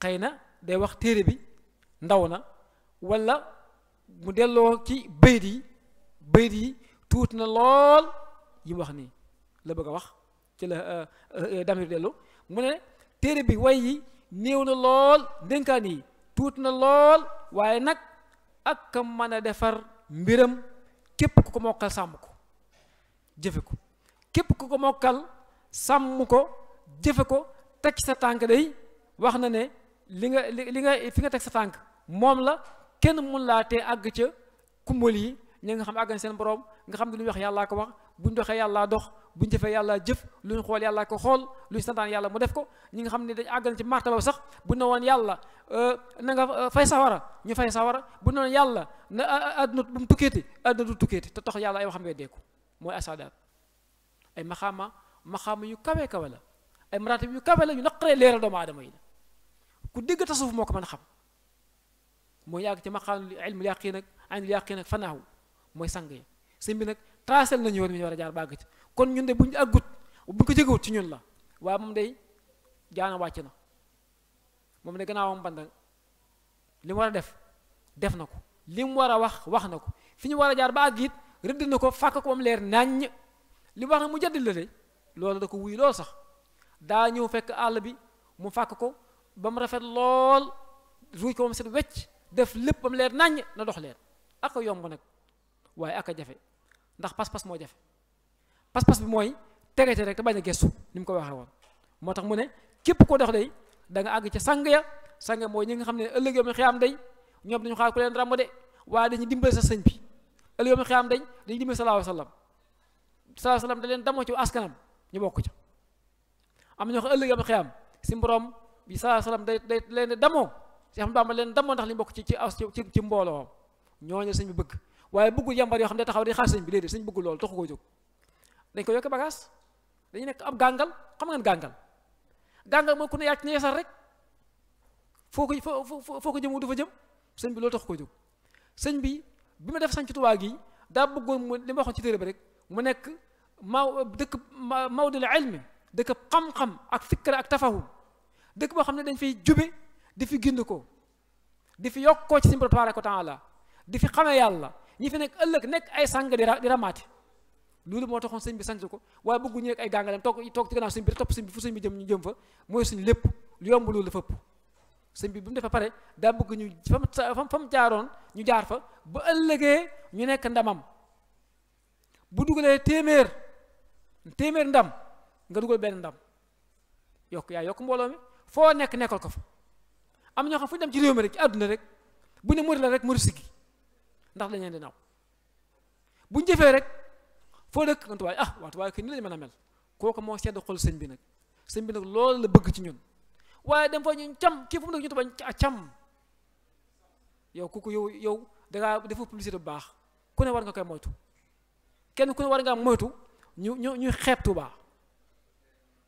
xëy na day wax téere bi ndaw na wala mu delloo ci bayit yi bayit yi tuuti na lool yi mu wax nii la bëgg a wax ci la euh, euh, damir dellu mu ne téere bi way yi néew na lool ndénkaan yi tuuti na lool waaye nag ak kam mën a defar mbiram képp ku ko mokkal sàmm ko jëfe ko képp ku ko mokkal sàmm ko jëfe ko teg sa tànk day wax na ne li nga li nga fi nga teg sa tànk moom la كن mun laa tee àgg ca kumbal yi ña nga xam àgg nga xam ne lu wax yalla ko wax buñ doxé yalla dox buñ defé yalla jëf lu ñu xool yàllaa ko xol lu satan yàlla mu def ko ñi nga xam ni dañ agal ci martaba sax bu ne woon yàlla na nga fay sawara ñu fay sawara bu ne woon yàlla na àdduna bu mu tukkeeti àdduna du tukkeeti te tax yàlla ay waxam deku moy asaadaat ay maxaama maxaama yu kawe kawala ay maratib yu kawe la yu naqré léra do ma adamay la ku dégg tasuf moko man xam moy yag ci maqaanul ilm yaqin ak anil yaqin ak fanaahu moy sang yi sëñ bi nag tracel nañu yoon ñu wara jaar bàgg ci kon ñun de buñu agut buñ ko jegewut ci ñun la wa mom day jaana wàcc na mom ne gannaawam band li mu war def def nako lim wara wax wax nako ko fi ñu war jaar ba àgg rëdd nako ko fàkk ko am leer nañ li wax na mu jënd la de loolu da ko wuy lo sax da ñëw fekk àll bi mu fàkk ko bam rafet lool ruuj ko moom set wecc def léppam leer naññ na dox leer aka yomb nag waaye aka jafe ndax pas-pas moo jafe pas-pas bi mooy tegeete rek te bañ a gestu ni mu ko waxee woon moo tax mu ne képp koo dox day da nga àgg ca sang ya sang mooy ñi nga xam ne ëllëg yoom xiyaam day ñoom dañu xaar ku leen ràmm de waaye dañuy dimbali sa sëñ bi ëllëg yoom xiyaam day dañuy dimbali sallallahu alayhi wasallam sallallahu sa wasallam da leen damoo ci askanam ñu bokk ca am na ñoo xam ëllëg yoom xiyaam si borom bi sallallahu alayhi wasallam day day leen damoo Cheikh Ahmadou leen damoon ndax li mbokk ci ci as ci ci mbooloo ñooñu sëñ bi bëgg waaye bëggul yambar yoo xam ne taxaw di xaar sëñ bi déedéet sëñ bëggul loolu taxu koo jóg dañ ko yokk dañu nekk ab gàngal xam ngeen gàngal gàngal mooy ku ne yàcc rek foo ko foo ko jëm du fa jëm sëñ bi loolu taxu koo jóg sëñ bi bi ma def sañ ci Tuubaa gi daa bëggoon mu li ma waxoon ci téere bi rek mu nekk maw dëkk mawdul ilmi dëkk xam-xam ak fikra ak tafahum dëkk boo xam ne dañ fay jube di fi gind ko di fi yokk koo ci suñu préparé ko temps la di fi xamee yàlla ñi fi nekk ëllëg nekk ay sang di ra di ramaate loolu moo taxoon sëñ bi sant ko waaye bëgguñu nekk ay gàngalem toog toog ci gannaaw sëñ bi topp sëñ bi fu sëñ bi jëm ñu jëm fa mooy suñu lépp lu yomb loolu la fëpp sëmbi bi bu mu defee pare daa bëgg ñu fam fa mu jaaroon ñu jaar fa ba ëllëgee ñu nekk ndamam bu dugalee téeméer téeméer ndam nga dugal benn ndam yokk yaay yokk mbooloo mi foo nekk nekkal ko fa am ñoo xam fu ñu dem ci réew mi rek ci àdduna rek bu ne murit la rek murit sikki ndax dañ ne di naw bu ñu jëfee rek foo dëkk kon tubaab ah waa tubaab kii nii lañ mën a mel kooku moo sedd xol sëñ bi nag sëñ nag loolu la bëgg ci ñun waaye dem fa ñu cam kii fu mu nekk ñu tubaab a cam yow kooku yow yow dangaa defoo publicité bu baax ku ne war nga koy moytu kenn ku ne war ngaa moytu ñu ñu ñu xeeb Tuubaa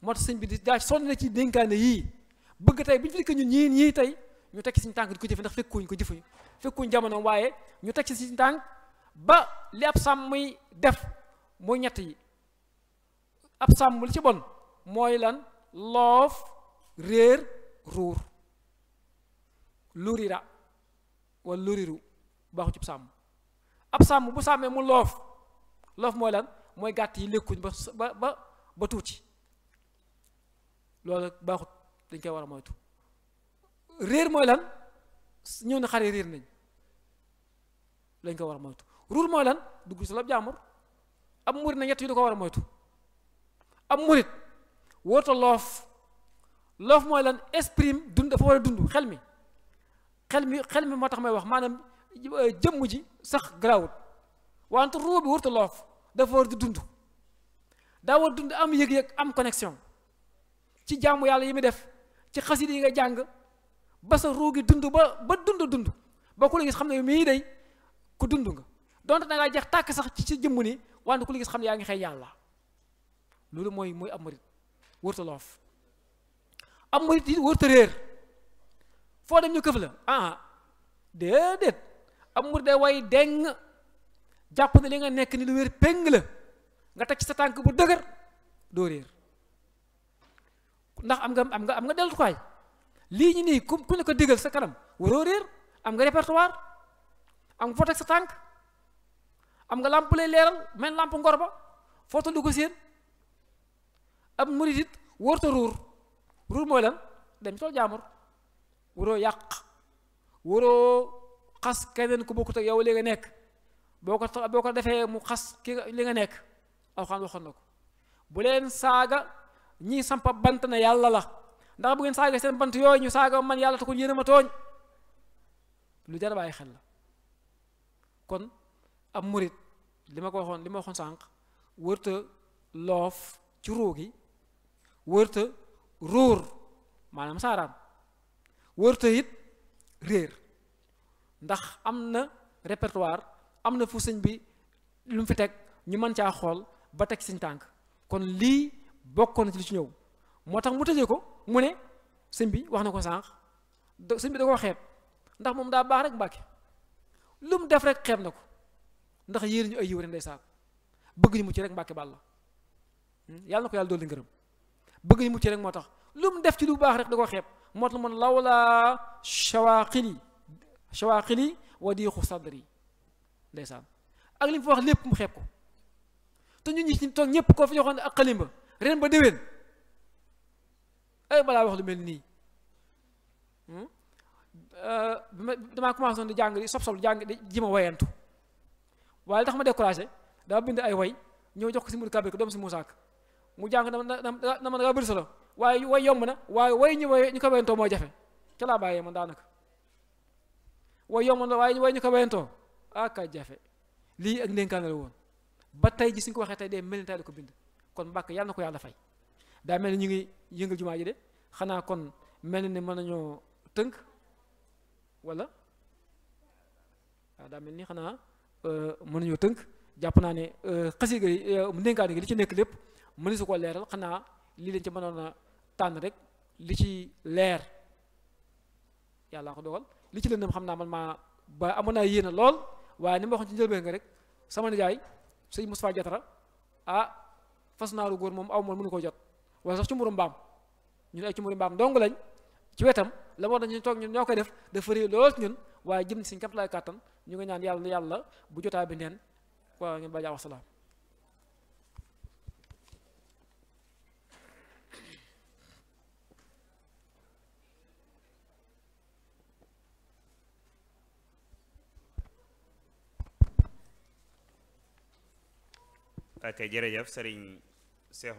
moo tax sëñ bi di daa sonn na ci dénkaane yii bëgg tey bu ñu fi que ñun ñii ñii tey ñu teg ci suñu tànk di ko jëfe ndax fekkuñ ko jëfuñu fekkuñ jamono waaye ñu teg ci suñu tànk ba li ab sàmm muy def mooy ñett yi ab sàmm li ci bon mooy lan loof réer ruur lurira wala luriru baaxu ci sàmm ab sàmm bu sàmmee mu loof loof mooy lan mooy gàtt yi lekkuñ ba ba ba tuuti loolu baaxut dañ koy war a moytu réer mooy lan ñëw na xare réer nañ lañ ko war a moytu ruur mooy lan dugg si la jaamur ab murit na ñett yi da ko war a moytu am murit wooto loof loof mooy lan exprime dund dafa war a dund xel mi xel mi xel mi moo tax may wax maanaam euh, jëmm ji sax garaawut wante ruur bi wërta loof dafa war di dund daa war dund am yëg-yëg am connexion ci jaamu yàlla yi muy def ci xasida yi nga jàng ba sa ruu gi dund ba dund dund ba ku la gis xam ne mii day ku dund nga donte da ngaa jeex tàkk sax ci ci jëmm ni wante ku la gis xam ne yaa ngi xëy yàlla loolu mooy mooy ab murit wërta loof ab murit yi wërta réer foo dem ñu këf la ah déedéet ab murit day way deng jàpp na li nga nekk ni lu wér péng la nga teg ci sa tànk bu dëgër doo réer ndax am nga am nga am nga kay li ñi ni ku ku ne ko diggal sa kanam waroo réer am nga répertoire am nga fotek sa tank am nga lampe lay leral men lampe ngorba foto ndugo seen am muridit worto rur rur moy lan dem tool jamur waroo yaq waroo khas kenen ku bokut ak yow li nga nek boko boko defé mu khas ki li nga nek alxaan waxoon na bu len saga ñi sampa bant na ya yalla la ndax bu ngeen saga seen bant yoy ñu saga man yalla ya ta ko yene ma togn lu jar xel la kon am murit lima ko waxon lima waxon sank wërta loof ci ruu wërta ruur manam saaram wërta hit réer ndax am na répertoire am fu señ bi lu mu fi tek ñu man xol ba tek señ tank kon li bokkoon ci li ci ñëw motax mu tëjee ko mu ne sëñ bi wax na ko sax sëñ bi da ko xeeb ndax mom da bax rek mbàkke lu mu def rek xeeb nako ndax yeer ñu ay yiw rek ndeysaan bëgg ñu mu ci rek mbacke bàlla yàlla nako yàlla dool ngeerum bëgg ñu mu ci rek motax tax lu mu def ci lu bax rek da ko xeeb moo tax man lawlaa shawaqili shawaaqili wa diixu sadri ndeysaan ak lim mu fa wax lépp mu xeeb ko te ñun ñi ci tok ñëpp ko fi joxone ak ren ba déwén ay balaa wax lu mel nii hmm? euh, damaa commencé ni jàng di sob-sob jàng di ji ma wayantu waaye li tax ma découragé dama bind ay way ñoo jox ko si Modou Kabir ko doom si Moussa mu jàng dama dama dama solo waaye way yomb na waaye woy ñu way ñu ko wayantoo moo jafe ca laa bàyyee man daanaka way yomb na waaye way ñu ko wayantoo aka jafe lii ak ndénkaan la woon ba tey ji suñ ko waxee tey dee mel ni tey la ko bind kon Mbàkke yàlla na ko yàlla fay daa mel ni ñu ngi yëngal jumaa ji de xanaa kon mel ni mën nañoo tënk wala daa mel ni xanaa euh, mën nañoo tënk jàpp naa ne euh, xasida yi euh, ndénkaane gi li ci nekk lépp mën mënu su ko leeral xanaa lii leen ci mënoon a tànn rek li ci leer yàlla ko dogal li ci lëndëm xam naa man maa ba amoon naa yéena lool waaye ni ma waxoon ci nga rek sama nijaay sëñ Moustapha Diatara ah, fas naaru góor moom aw moon mënu koo jot wala sax ci murum mbaam ñun ay ci murum mbaam dong lañ ci wetam la mo dañu tok ñun ñoo def dafa réer lool ñun waaye jëm si kaptalaay kàttan ñu ngi ñaan yalla yalla bu jota bi neen waaw ngeen bàyyi wasalaam ak jërëjëf sëriñ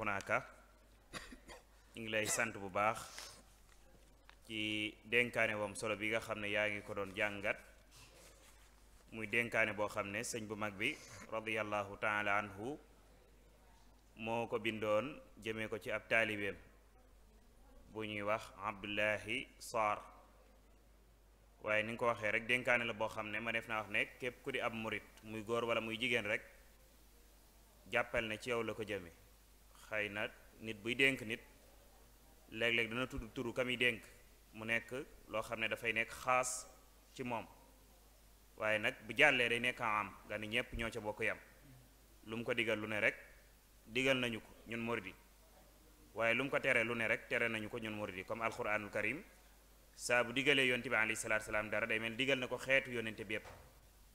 naa Ka ñu ngi lay sant bu baax ci dénkaane wam solo bi nga xam ne yaa ngi ko doon jàngat muy dénkaane boo xam ne sëñ bu mag bi radiyallahu taala anhu moo ko bindoon jëmee ko ci ab taalibeem bu ñuy wax Abdullahi Saar waaye ni nga ko waxee rek denkaane la boo xam ne ma def naa wax ne képp ku di ab murit muy góor wala muy jigéen rek jàppal ne ci yow la ko jëmee xëy na nit buy dénk nit léeg-léeg dana tudd turu ka muy dénk mu nekk loo xam ne dafay nekk xaas ci moom waaye nag bu jàllee day nekk am nga ni ñépp ñoo ca bokk yam lu mu ko digal lu ne rek digal nañu ko ñun muridi waaye lu mu ko tere lu ne rek tere nañu ko ñun muridi comme alquranul karim saa bu digalee yoon bi alayhi salaatu salaam dara day mel digal na ko xeetu yonente bi yépp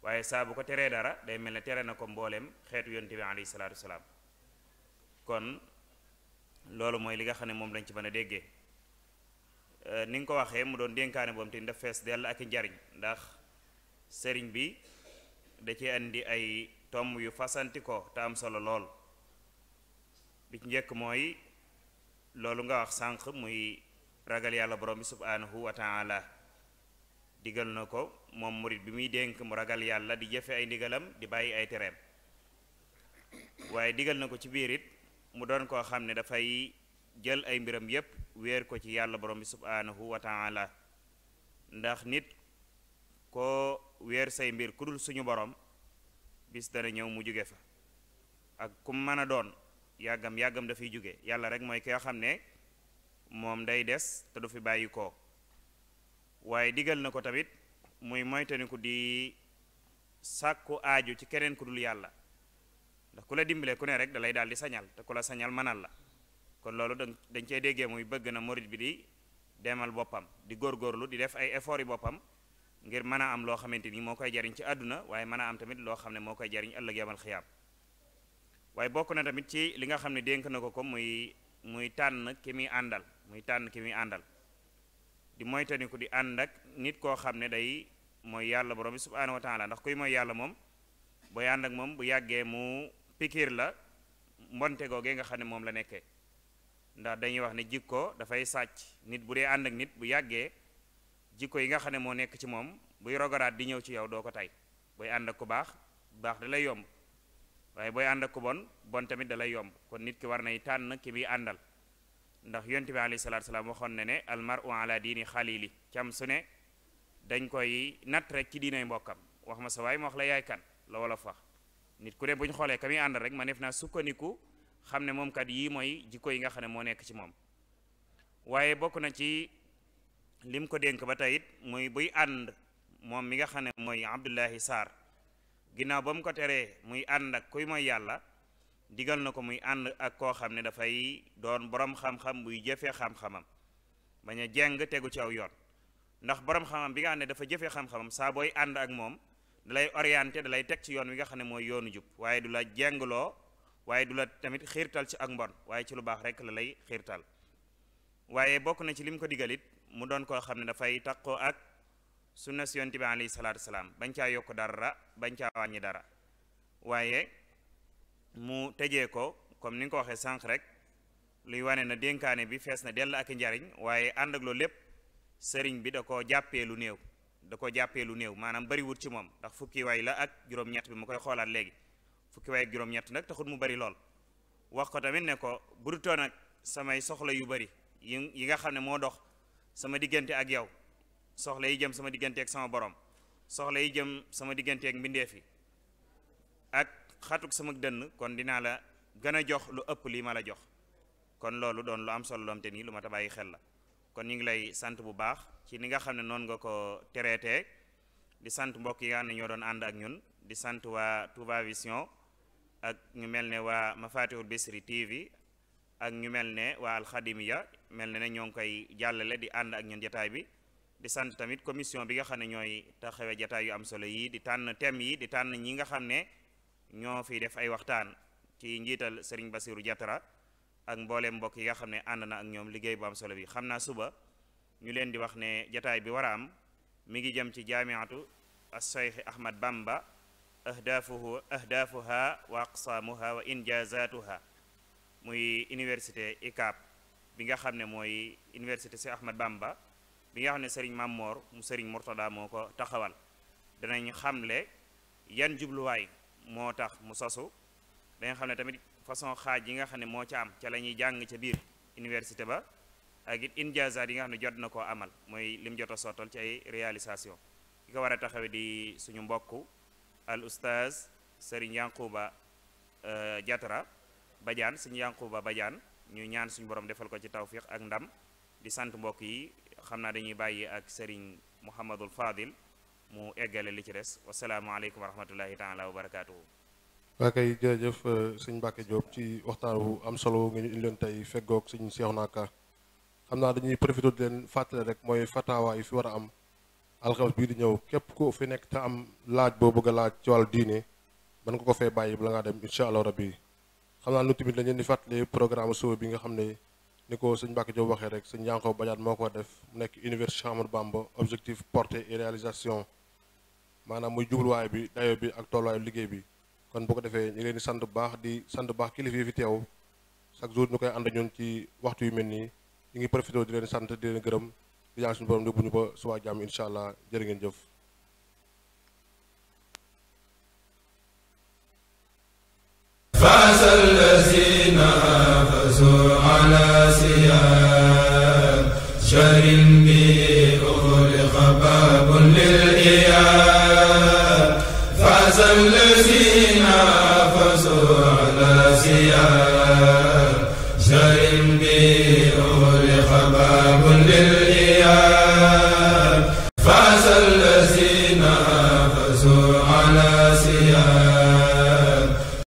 waaye saa bu ko teree dara day mel ne tere na ko mbooleem xeetu yonent bi alayhi salaatu salaam kon loolu mooy li nga xam ne moom lañ ci mën a déggee eh, ni nga ko waxee mu doon dénkaane boom te daf fees dell ak njariñ ndax sëriñ bi da ci andi ay tomb yu fasanti ko te am solo lool bi ci njëkk mooy loolu nga wax sànq muy ragal yàlla borom bi subhanahu wa taala digal na ko moom bi muy dénk mu ragal yàlla di jëfe ay ndigalam di bàyyi ay tereem waaye digal na ko ci biir mu doon koo xam ne dafay jël ay mbiram yépp wéer ko ci yàlla borom bi wa taala ndax nit ko wéer say mbir ku dul suñu borom bis dana ñëw mu jóge fa ak ku mën a doon yàggam yàggam dafay jóge yàlla rek mooy ki xam ne moom day des te du fi bàyyi ko waaye digal na ko tamit muy moytaniku di sàkku aaju ci keneen ku dul ndax ku la dimbale ku ne rek dalay lay di sañal te ku la sañal manal la kon lolu dañ cey déggé muy bëgg na morit bi di demal bopam di gorlu di def ay effort yi bopam ngir mëna am lo xamanteni ni koy jariñ ci aduna waye mëna am tamit lo xamné mo koy jariñ ëllëg yamal xiyaam waye bokku na tamit ci li nga xamné denk dénk na ko ko muy muy tànn kimi muy àndal di moytaniku di andak nit ko xam day moy yalla borom subhanahu wa taala ndax kuy moy yalla mom booy yandak mom bu yagge mu pikiir la mbonte googee nga xam ne moom la nekkee ndax dañuy wax ne jikko dafay sàcc nit bu dee ànd ak nit bu yàggee jikko yi nga xam ne moo nekk ci moom buy rogaraat di ñëw ci yow doo ko tey booy ànd ak ku baax baax da lay yomb waaye booy ànd ak ku bon bon tamit dalay yomb kon nit ki war nay tànn ki muy àndal ndax yonte bi alayhi salaatu salaam waxoon ne ne almaru ala diini xalili cam su ne dañ koy natt rek ci diinay mbokkam wax ma sa waay ma wax la nit ku re kami xolé kami and rek ma neef naa xamne mom kat yi moy jikko yi nga xamne mo nek ci mom waye bokku na ci lim ko denk ba tayit it buy and mom mi nga xamne moy abdullah sar Sarr bam ko téré muy and ak kuy moy yalla digal nako ko muy ànd ak ko xamne da fay doon borom xam-xam buy jëfee xam-xamam baña jeng teggu ci aw yoon ndax borom xam-xam bi nga xamne da fa xam-xamam sa boy and ak mom dalay orienter dalay tek ci yoon wi nga xamne moy yoonu jup waye dula jenglo waye dula tamit xirtal ci ak mbon waye ci lu bax rek la lay xirtal waye bokku na ci lim ko digalit mu don ko xamne da fay takko ak sunna si bi ali sallallahu alaihi wasallam bañ ca yok dara bañ ca wàññi dara waye mu teje ko comme ni nga ko waxee sànq rek luy wane na denkané bi fess na del ak njariñ waye and ak lo lepp sëriñ bi da ko jappé lu da ko jàppee lu néew maanaam bariwut ci moom ndax fukki waay la ak juróom-ñett bi ma koy xoolaat léegi fukki waay ak juróom-ñett nag taxut mu bari lool wax ko tamit ne ko bu dutoo nag samay soxla yu bari yi nga xam ne moo dox sama diggante ak yow soxla yi jëm sama diggante ak sama borom soxla yi jëm sama diggante ak mbindeef yi ak xatuk sama dënn kon dinaa la gën a jox lu ëpp lii ma la jox kon loolu doon lu am solo lom te nii lu ma ta bàyyi xel la kon ñu ngi lay sant bu baax ci ni nga xam ne noonu nga ko traité di sant mbokk yi nga xam ne ñoo doon ànd ak ñun di sant waa Touba Vision ak ñu mel ne waa Mafatihul Bisri TV ak ñu mel ne waa Alxadimiya mel ne ne ñoo ngi koy jàllale di ànd ak ñun jataay bi di sant tamit commission bi nga xam ne ñooy taxawee jataay yu am solo yi di tànn thème yi di tànn ñi nga xam ne ñoo fi def ay waxtaan ci njiital Serigne Bassirou Diatara ak mbooleem mbokk yi nga xam ne na ak ñom liggéey bu am solo bi xamna suba ñu leen di wax ne jotaay bi wara am mi ngi jëm ci jami'atu as-Shaykh Ahmad Bamba ahdafuhu ahdafuha wa aqsamuha wa injazatuha muy université ikap bi nga xam ne université si Ahmad Bamba bi nga xam ne sëriñ mu serigne Murtada moko ko taxawal danañ xamle yan jublu way motax mu sosu dañ xam tamit façon xaj yi nga xamne mo ci am ci lañuy jang ci université ba ak yi nga xamne jot nako amal moy lim jotta a ci ay réalisation ki ko war di suñu mbokk al oustaz Serigne Yankuba Jatara euh, badian serigne Yankuba badian ñu ñaan suñu borom defal ko ci tawfiq ak ndam di sante mbokk yi xamna dañuy bayyi ak Serigne mohammedul Fadil mu eggale li ci des wasalaamualeykum wa rahmatullahi taala wa waa kay jërëjëf euh, sëñ Mbacke Diop ci waxtaan wu am solo leen ñu indiloon tey feggoog sëñ Cheikhouna Ka xam naa dañuy profité di leen fàttale rek mooy fatawa yi fi war a am alxames bii di ñëw képp ku fi nekk te am laaj boo bëgg laaj ci wàllu diine mën nga ko fee bàyyi bala ngaa dem incha allah rabbi xam naa nu tamit dañu leen di fàttali programme suba bi nga xam ne ni ko sëñ Mbacke Diop waxee rek sëñ Yankoba Badiane moo ko def mu nekk université Amadou Bamba objectif portée et maanaam muy jubluwaay bi dayo bi ak tolluwaayu liggéey bi kon boo ko defee ñu leen di sant bu baax di sant bu baax kilifa yi fi teew chaque jour ñu koy ànd ñun ci waxtu yu mel nii ñu ngi profité di leen sant di leen gërëm di ñaan suñu borom di bu ñu ba suba jàmm incha allah jërë ngeen jëf.